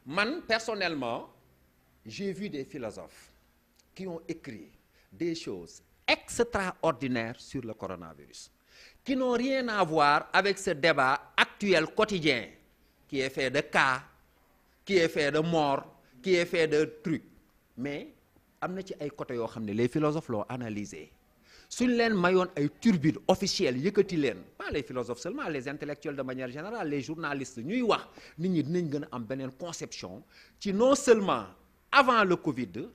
man personnellement j'ai vu des philosophes qui ont écrit des choses extraordinaires sur le coronavirus qui n'ont rien à voir avec ce débat actuel quotidien qui est fait de cas qui est fait de morts qui est de trucs mais am na ci ay côté yoo xam ne les philosophes loo analysé suñ leen mayoon ay turbine officielle yëkkati leen pas les philosophes seulement les intellectuels de manière générale les journalistes ñuy wax nit ñi dinañ gën a am beneen conception ci non seulement avant le Covid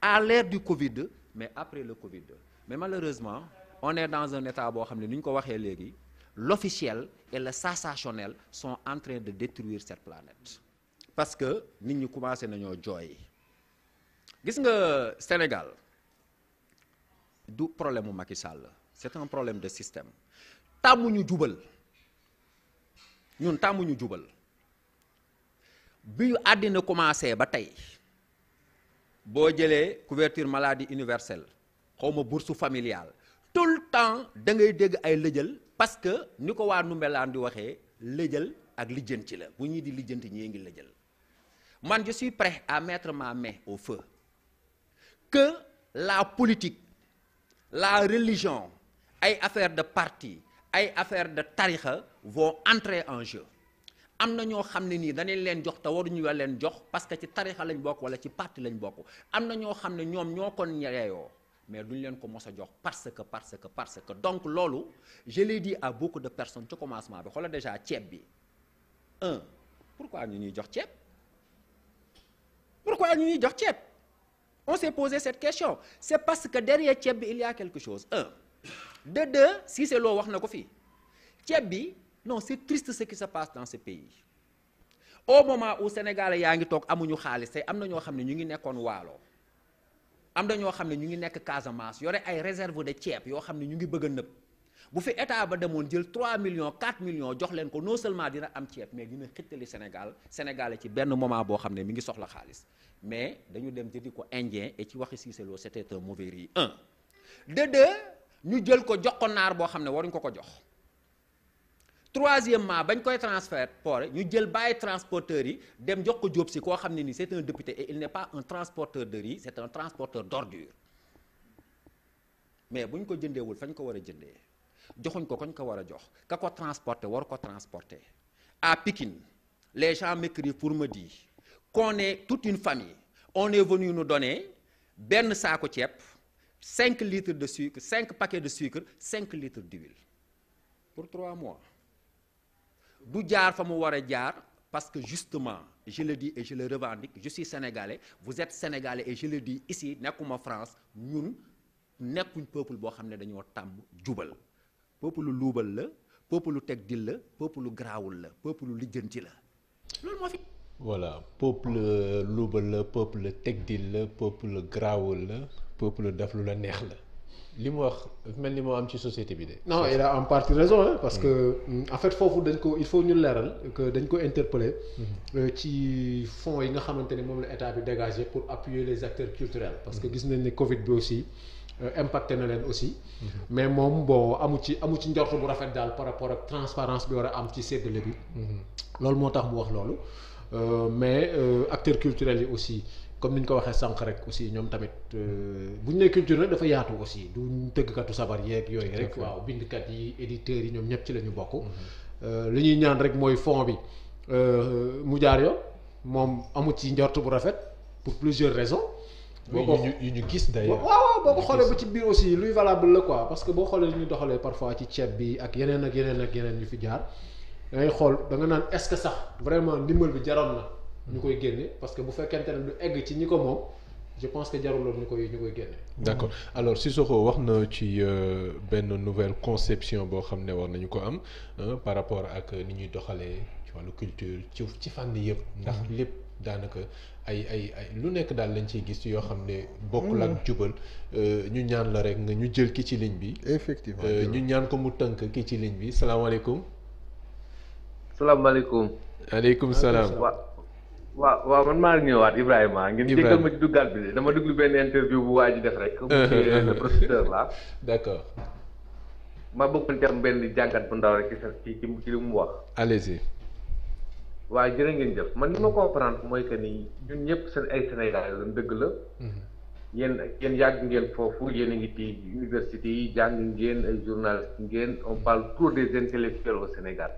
à l'ère du Covid mais après le Covid mais malheureusement on est dans un état boo xam ne nu ñu ko waxee léegi l'officiel et le sensationnel sont en train de détruire cette planète parce que nit ñi commencé nañoo jooy gis nga Sénégal du problème mu Macky Sall c'est un problème de système tàmmuñu jubal ñun tàmmuñu jubal bi àddina commencé ba tey boo jëlee couverture maladie universelle xawma bourse familiale tout le temps da ngay dégg ay lëjal parce que ni ko waa Ndoumbelane di waxee lëjal ak lijjanti la bu ñuy di lijjanti ñee ngi lëjal man je suis prêt à mettre ma mais au feu que la politique la religion ay affaire de parti ay affaire de tarixa vont entrer en jeu am na ñoo xam ne nii danañ leen jox te waruñu la leen jox parce que ci tarixa lañ bokk wala ci parti lañ bokk am na ñoo xam ne ñoom ñoo kon yeeyoo mais duñ leen ko mos a jox parce que parce que parce que donc loolu je di dit à beaucoup de personne ci commencement bi xoolal déjà ceeb bi un pourquoi ñu ñuy jox ceeb pourquoi ñu ñuy jox ceeb on s'est posé cette question c'est parce que derrière ceeb bi il y a quelque chose un de deux si c'est loo wax na ko fii ceeb bi non c'est triste ce qui se passe dans ce pays au moment où sénégalais yaa ngi toog amuñu xaalis tey am na ñoo xam ne ñu ngi nekkoon waalo am na ñoo xam ne ñu ngi nekk Casamance yore ay réserve de ceeb yoo xam ne ñu ngi bëgg a nëb bu fi état ba demoon jël trois millions 4 millions jox ko non seulement dina am ceeb mais dina xittali Sénégal Sénégal ci benn moment boo xam ne mi ngi soxla xaalis mais dañu dem jëndi ko indien et ci waxi Cissé Lo c'était un mauvais riz un de deux ñu jël ko jox ko naar boo xam ne waruñ ko ko jox troisièmement bañ koy transporter ñu jël bàyyi transporteurs yi dem jox ko Diop si koo xam ne ni c'est un député et il n'est pas un transporteur de riz c'est un transporteur d'ordures mais bu ko jëndeewul fañ ko war a jëndee joxuñ ko koñ ko war a jox ka ko transporter war ko transporter à Pikine les gens m'écrivent pour me dire qu'on est une famille on est venu nous donner benn saako ceeb cinq litres de sucre cinq paquets de sucre cinq litres d'huile pour trois mois du jaar fa mu war a jaar parce que justement je le dis et je le revendique je suis sénégalais vous êtes sénégalais et je le dis ici nekkuma France ñun nekkuñ peuple boo xam ne dañoo tàmm jubal peuple lu luubal la peuple lu teg dil la peuple lu garaawul la peuple lu lijjanti la loolu moo fi. voilà peuple luubal la peuple teg dil la peuple garaawul la peuple daf lu la neex la. li mu wax mel ni moo am ci société bi de. non il a en partie raison parce que en fait foofu dañ ko il faut ñu leeral que dañ ko interpeller mhm. euh, ci fonds yi nga xamante ne moom la état bi dégagé pour appuyer les acteurs culturels. parce que mhm. gis nañ ne Covid bi aussi. Euh, impacté na leen aussi mhm. mais moom boo amu ci amu ci njort bu rafet daal par rapport ak transparence bi war a am ci séddale bi mhm. loolu moo tax mu wax loolu euh, mais euh, acteurs culturel yi aussi comme ni ñu ko waxee sànq rek aussi ñoom tamit bu ñu nee culture rek dafa yaatu aussi du tëggkatu sabar yeeg yooyu rek waaw bindkat yi éditeurs yi ñoom ñëpp ci la ñu bokk mhm. li ñuy ñaan rek mooy fond bi mu jaar yoon moom amu ci njort bu rafet pour plusieurs raisons boo ko yu ñu gis d'ailleurs waaw waaw boo ko xoolee ba ci biir aussi luy valable la quoi parce que boo xoolee ñu doxalee parfois ci ceeb bi ak yeneen ak yeneen ak yeneen yu fi jaar da xool da nga naan est-ce sax vraiment ndimbal bi jaroon na ñu koy génne parce que bu fekkente ne du egg ci ñi ko moom je pense que jaruloon ñu koy ñu koy génne. d'accord alors Sissoko wax na ci euh, benn nouvelle conception boo xam ne war nañu ko am par rapport ak ni ñuy doxalee ci wàllu culture ci ci fànn yëpp ndax mm-hmm. lépp. daanaka ay ay ay lu nekk daal lañ ci gis yoo xam ne. bokkul mm. ak jubal euh, ñu ñaan la rek nga ñu jël ki ci ligne bi. effectivement euh, ñu ñaan ko mu tënk ki ci ligne bi salaamaaleykum. salaamaaleykum. aleykum salaam. waaw waaw man maa ngi ñëwaat Ibrahima dama déglu benn interview bu waa ji def rek. Euh, ma bëggoon ci benn jàngat bu ndaw waaye jërë ngeen jëf man li ma comprendre mooy que nii ñun ñëpp seen ay Sénégalais lañ dëgg la. Mhm. yéen yéen yàgg ngeen foofu yéen a ngi ci université yi jàng ngeen ay journaliste ngeen on parle trop des intellectuels au Sénégal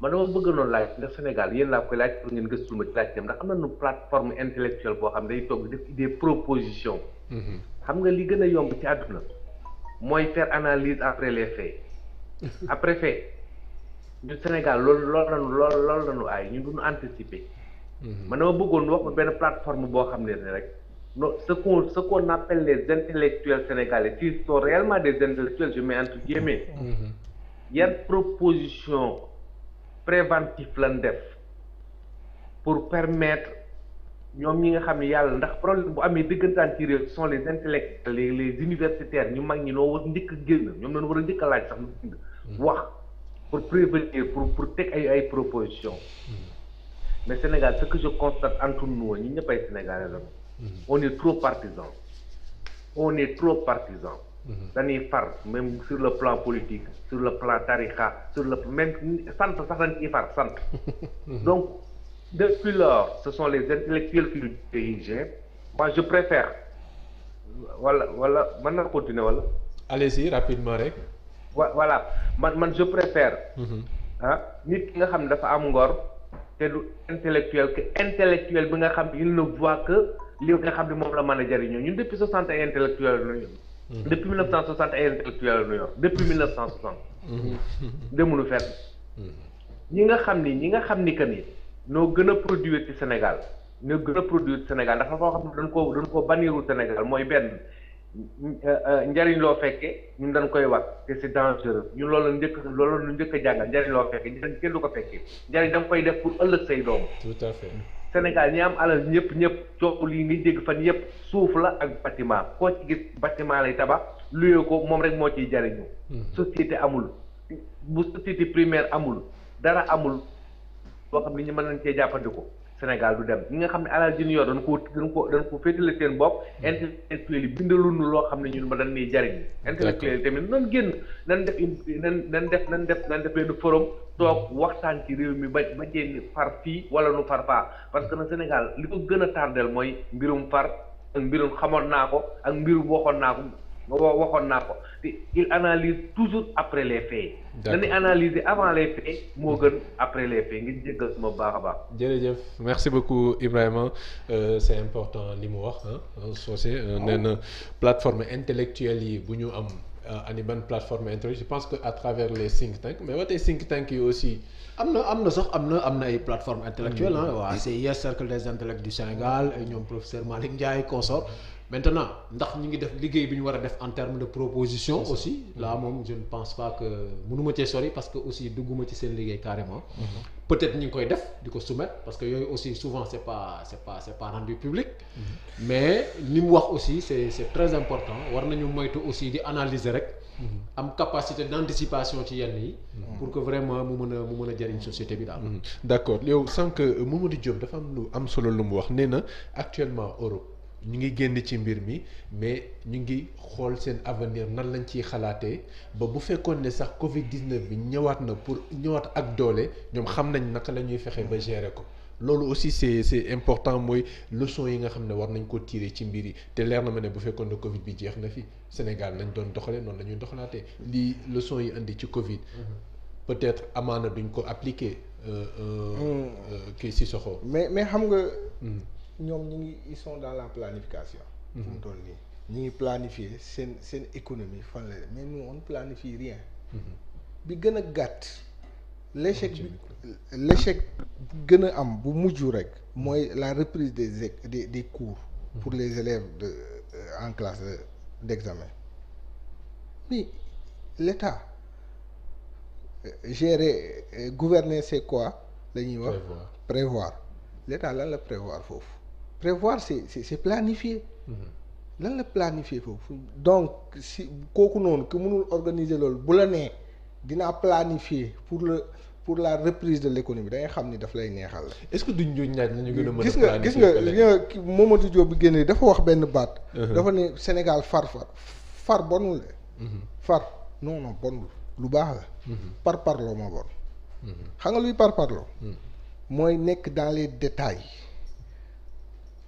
man dama bëgg noonu laaj ndax Sénégal yéen laa koy laaj pour ngeen gëstuma ma ci laaj tam ndax am na nañu plateforme intellectuelle boo xam ne day toog def des propositions. Mhm. xam nga li gën a yomb ci àdduna mooy faire analyse après les faits <laughs> après fait. ñu Sénégal loolu loolu lañu loolu loolu lañu aay ñun duñu anticiper. Mhm. man dama bëggoon wax benn plateforme boo xam ne rek non ce qu'on ce qu'on appelle les intellectuels sénégalais qui sont réellement des intellectuels je mets entre guillemets. Mhm. yan proposition préventive lañ def pour permettre ñoom ñi nga xam ne yàlla ndax problème bu amee dëggantaan ci réew sont les intellectuels les universitaires ñu mag ñi noo war njëkk génn ñoom lañu war a njëkk laaj sax mhm. wax. pour prévenir pour pour teg ay ay propositions. Hmm. mais Sénégal ce que je constate entre nous ñun ñëpp ay Sénégalais la hmm. on est trop partisan on est trop partisan hmm. dañuy far même sur le plan politique sur le plan tarixa sur le même sant sax dañuy far sant donc depuis lors ce sont les intellectuels qui nous dirigent moi je préfère wala wala mën na continuer wala allez rapidement rek voilà man man je préfère. Mhm. ah nit ki nga xam ne dafa am ngor te du intellectuel que intellectuel bi nga xam ne il ne que li nga xam ne moom la mën a jëriñoo ñun depuis soixante ay intellectuel mhm. la ñu yor. depuis mille neuf cent soixante ay intellectuel la ñu yor depuis mille mhm. neuf cent soixante. demulu fenn. ñi nga xam ni ñi nga xam ni que ni noo gën a produire ci Sénégal noo gën a produire ci Sénégal dafa koo xam ne dañ koo dañ koo bannirul Sénégal mooy benn. Euh, njariñ loo fekke ñun dañ koy wax te c'est dangereux ñun loolu njëkk loolu lu njëkk a jàngal njariñ loo fekke njariñ kenn du ko fekkee njariñ da koy def pour ëllëg say doom tout à Sénégal ñi am alal ñëpp ñëpp coow lii ngi dégg fan yëpp suuf la ak bâtiment koo ci gis bâtiment lay tabax luyee ko moom rek moo ciy jariñu hmm. société amul bu société primaire amul dara amul boo xam ne ñu mën nañ cee jàppandiku Sénégal du dem ñi nga xam ne alal ji ñu yor dañ ko dañ ko dañ ko féetale seen bopp mm-hmm. intellectuel yi bindaluñu loo xam ne ñun ma dañ ñuy jariñ intellectuel yi tamit nan génn nan def nan nan def nan def nan def forum toog mm-hmm. waxtaan ci réew mi ba ba jénn far fii wala nu far faa parce que na Sénégal li ko gën a tardeel mooy mbirum far ak mbirum xamoon naa ko ak mbirum waxoon naa ko wa waxoon naa ko il analyse toujours après les faits. dañuy analyser avant les faits moo gën après les faits ngir jéggal suma baax a baax. jërëjëf merci beaucoup Ibrahima euh, c'est important li mu wax euh, ah Socé nee na plateforme intellectuelle yi bu ñu am. Euh, ani ban plateforme intellectuelle je pense que à travers les think tank mais ba tey think tank yi aussi. am na am na sax am na am na ay plateformes intellectuelles ah. waa CIS e cercle des intellects du Sénégal ñoom professeur Malick Ndiaye consort maintenant ndax ñu ngi def liggéey bi ñu war a def en terme de proposition aussi là mm-hmm. moom je ne pense pas que mënuma cee sori parce que aussi dugguma ci seen liggéey carrément mm-hmm. peut-être ñu ngi koy def di ko soumettre parce que yooyu aussi souvent c'est pas c'est pas c'est rendu public mm-hmm. mais li mu wax aussi c'est c'est très important war nañu moytu aussi di analyser rek am capacité d'anticipation ci yenn yi pour que vraiment mu mën a mu mën a jariñ société bi daal d'accord yow sànq Mamadou dafa lu am solo lu mu wax nee na actuellement Europe ñu ngi génn ci mbir mi mais ñu ngi xool seen avenir nan lañ ciy xalaatee ba bu fekkoon ne sax Covid 19 bi ñëwaat na pour ñëwaat ak doole ñoom xam nañ naka la ñuy fexe ba gérer ko loolu aussi c'est c'est important mooy leçon yi nga xam ne war nañ ko tirer ci mbir yi te leer na ma ne bu fekkoon ne Covid bi jeex na fi Sénégal nañ doon doxalee noon la ñuy doxalaatee lii leçon yi indi ci Covid. Mm-hmm. peut-être amaana duñ ko appliquer. Euh, euh, mm. euh, kii si soxo mais mais xam nga. Mm. ñoom ñu ngi ils sont dans la planification. Mhm. fu mu toll nii ñu ngi planifier seen seen économie fan la mais nous on planifie rien. Mhm. bi gën a gàtt. l'échec bi l'échec gën a am bu mujj rek mooy la reprise des des des cours. Mhm. pour les élèves de euh, en classe d'examen. mais l'État euh, gérer euh, gouverner c'est quoi la ñuy wax. prévoir l'État lan la prévoir foofu. prévoir c'est c'est c'est planifier. Mhm. lan la planifier foofu donc si kooku noonu ku mënul organiser loolu bu la nee dinaa planifier pour le pour la reprise de l'économie da ngay xam ni daf lay neexal la. est-ce que duñ ñu ñaaj nañu gën gis nga gis nga li nga Mamadou Diop bu génnee dafa wax benn baat. Uh-huh. dafa ne Sénégal far far far bonul la. Uh-huh. far non bonul lu baax la. Uh-huh. par parloo ma bon. xam nga luy par parloo. mooy nekk dans les détails.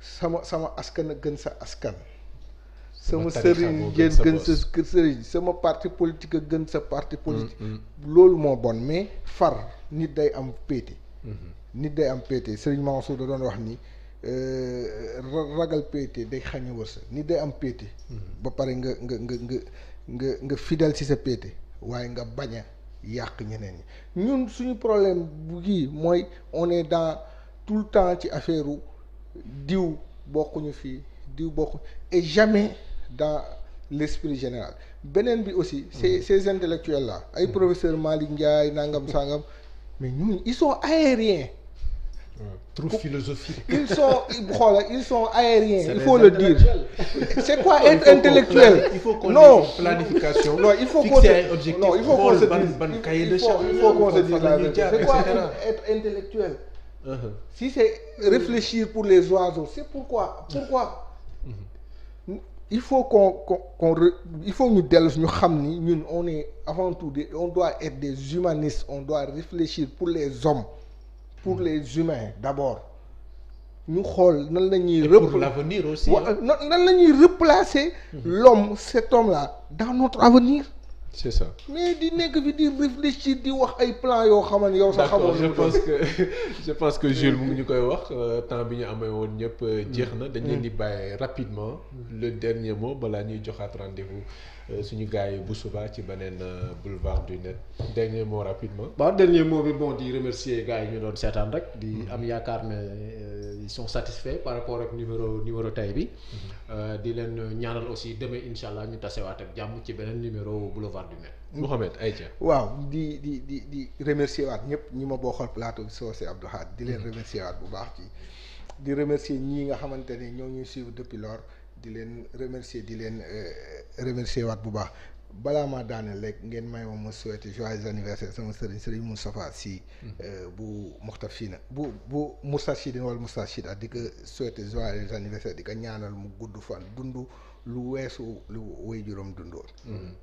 sama sama askan a gën sa askan sama sëriñ gën gën sa sëriñ sama parti politique a gën sa parti mm, politique mm. loolu moo bon mais far nit day am péete mm-hmm. nit day am péete sëriñ Mansour da doon wax ni euh, ragal péete day xañu wërsëg nit day am péete mm-hmm. ba pare nga nga nga nga nga nga ci sa péete waaye nga bañ a yàq ñeneen ñi ñun suñu problème bu mooy on est dans tout le temps ci affaire diw bokkuñu fii diw bokku et jamais dans l'esprit général beneen bi aussi ces mm-hmm. ces intellectuels là ay mm-hmm. professeur Malick Ndiaye nangam mm-hmm. sangam mais ñun ils sont aériens trop philosophique ils sont xoola ils sont aériens il faut le dire c'est quoi intellectuel non il faut qu'on se objectif il faut qu'on se dise c'est quoi intellectuel Uh -huh. Si c'est réfléchir pour les oiseaux, c'est pourquoi pourquoi uh-huh. il faut qu'on qu'on qu il faut ñu dellu ñu xam ni ñun on est avant tout des on doit être des humanistes on doit réfléchir pour les hommes pour mmh. les humains d'abord ñu xool nan la ñuy pour l'avenir aussi nan la ñuy replacer mm-hmm. l'homme cet homme là dans notre avenir c'est ça mais di nekk fi di réfléchir di wax ay plan yoo xaman yow sax xamoon <laughs> je pense que je pense que Jules mu ñu koy wax euh, temps bi ñu amee woon ñëpp euh, jeex na mm. dañuy leen di mm. bàyyi rapidement mm. le dernier mot balaa ñuy joxaat rendez-vous Euh, suñu gars yi bu subaa ci beneen euh, boulevard du net dernier mot rapidement. waaw dernier mot bi bon di remercier gars yi ñu doon seetaan rek di mm-hmm. am yaakaar ne euh, ils sont par rapport ak numéro numéro tay bi mm-hmm. di leen ñaanal aussi demee incha allah ñu tasewaat ak jàmm ci beneen numéro boulevard du net. Mouhamed Aïcha. waaw di di di di remercier waat ñëpp ñi ma bokkal plateau bi Socé Abdou Khadre di leen mm-hmm. remercier waat bu baax ci di remercier ñi nga xamante ne ñoo ñuy suivre depuis di leen remercier di leen euh, remercier waat bu baax balaa maa daaneel rek ngeen may ma ma souhaiter joyeux anniversaire sama sëriñ sëriñ Moustapha Sy mm-hmm. euh, bu Muxtafina bu bu Moustachidine wala Moustachida di ko souhaiter joyeux anniversaire di ka ñaanal mu gudd fan dund lu weesu lu wéy juróom dundoon mm-hmm.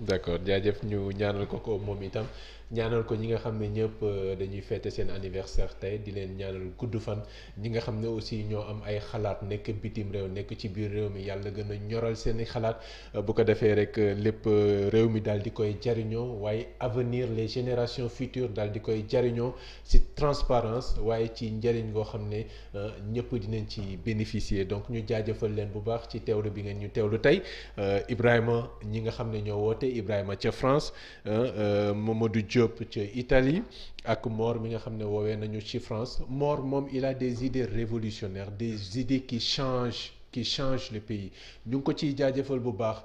d'accord jaajëf ñu ñaanal ko ko moom itam ñaanal ko ñi nga xam ne ñëpp euh, dañuy fêter seen anniversaire tey di leen ñaanal gudd fan ñi nga xam ne aussi ñoo am ay xalaat nekk bitim réew nekk ci biir réew mi yàlla gën a ñoral seen i xalaat euh, bu ko defee rek euh, lépp réew mi daal di koy jariñoo waaye avenir les générations futures daal di koy jariñoo ci transparence waaye ci njëriñ goo xam ne ñëpp dinañ ci bénéficier donc ñu jaajëfal leen bu baax ci teewlu bi ngeen ñu teew lu tey Ibrahima ñi nga xam ne ñoo woote Ibrahima ca France Diop ca Italie ak Mor mi nga xam ne woowee nañu ci France Mor moom il a des idées révolutionnaires des idées qui change qui change le pays ñu ngi ko ciy jaajëfal bu baax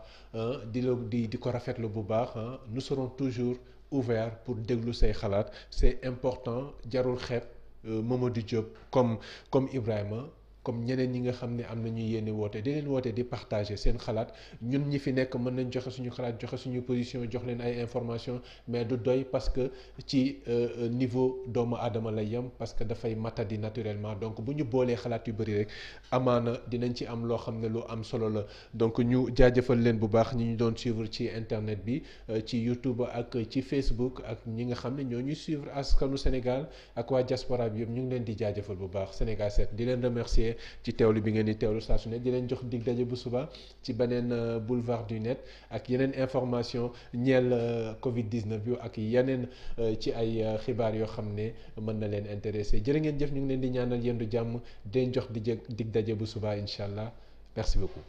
di la di di ko rafetlu bu baax nu serons toujours ouverts pour déglu say xalaat c'est important jarul xeeb euh, Mamadou Diop comme comme Ibrahima comme ñeneen ñi nga xam ne am nañu yéene woote di leen woote di partager seen xalaat ñun ñi fi nekk mën nañ joxe suñu xalaat joxe suñu position jox leen ay information mais du doy parce que ci euh, niveau doomu aadama lay yem parce que dafay matadi naturellement donc bu ñu boolee xalaat yu bëri rek amaana dinañ ci am loo xam ne lu am solo la donc ñu jaajëfal leen bu baax ñu ñu doon suivre ci internet bi euh, ci YouTube ak ci Facebook ak ñi nga xam ne ñoo ñuy suivre askanu Sénégal ak waa diaspora bi ñu ngi leen di jaajëfal bu baax Sénégal 7 di leen remercier ci teewlu bi ngeen di teewlu saa su ne leen jox dig daje bu suba ci beneen euh, boulevard du net ak yeneen information ñeel euh, Covid 19 yu ak yeneen euh, ci ay xibaar yoo xam ne mën na leen intéressé jërë ngeen jëf ñu ngi leen di ñaanal yendu jàmm di leen jox di di daje bu suba incha allah merci beaucoup.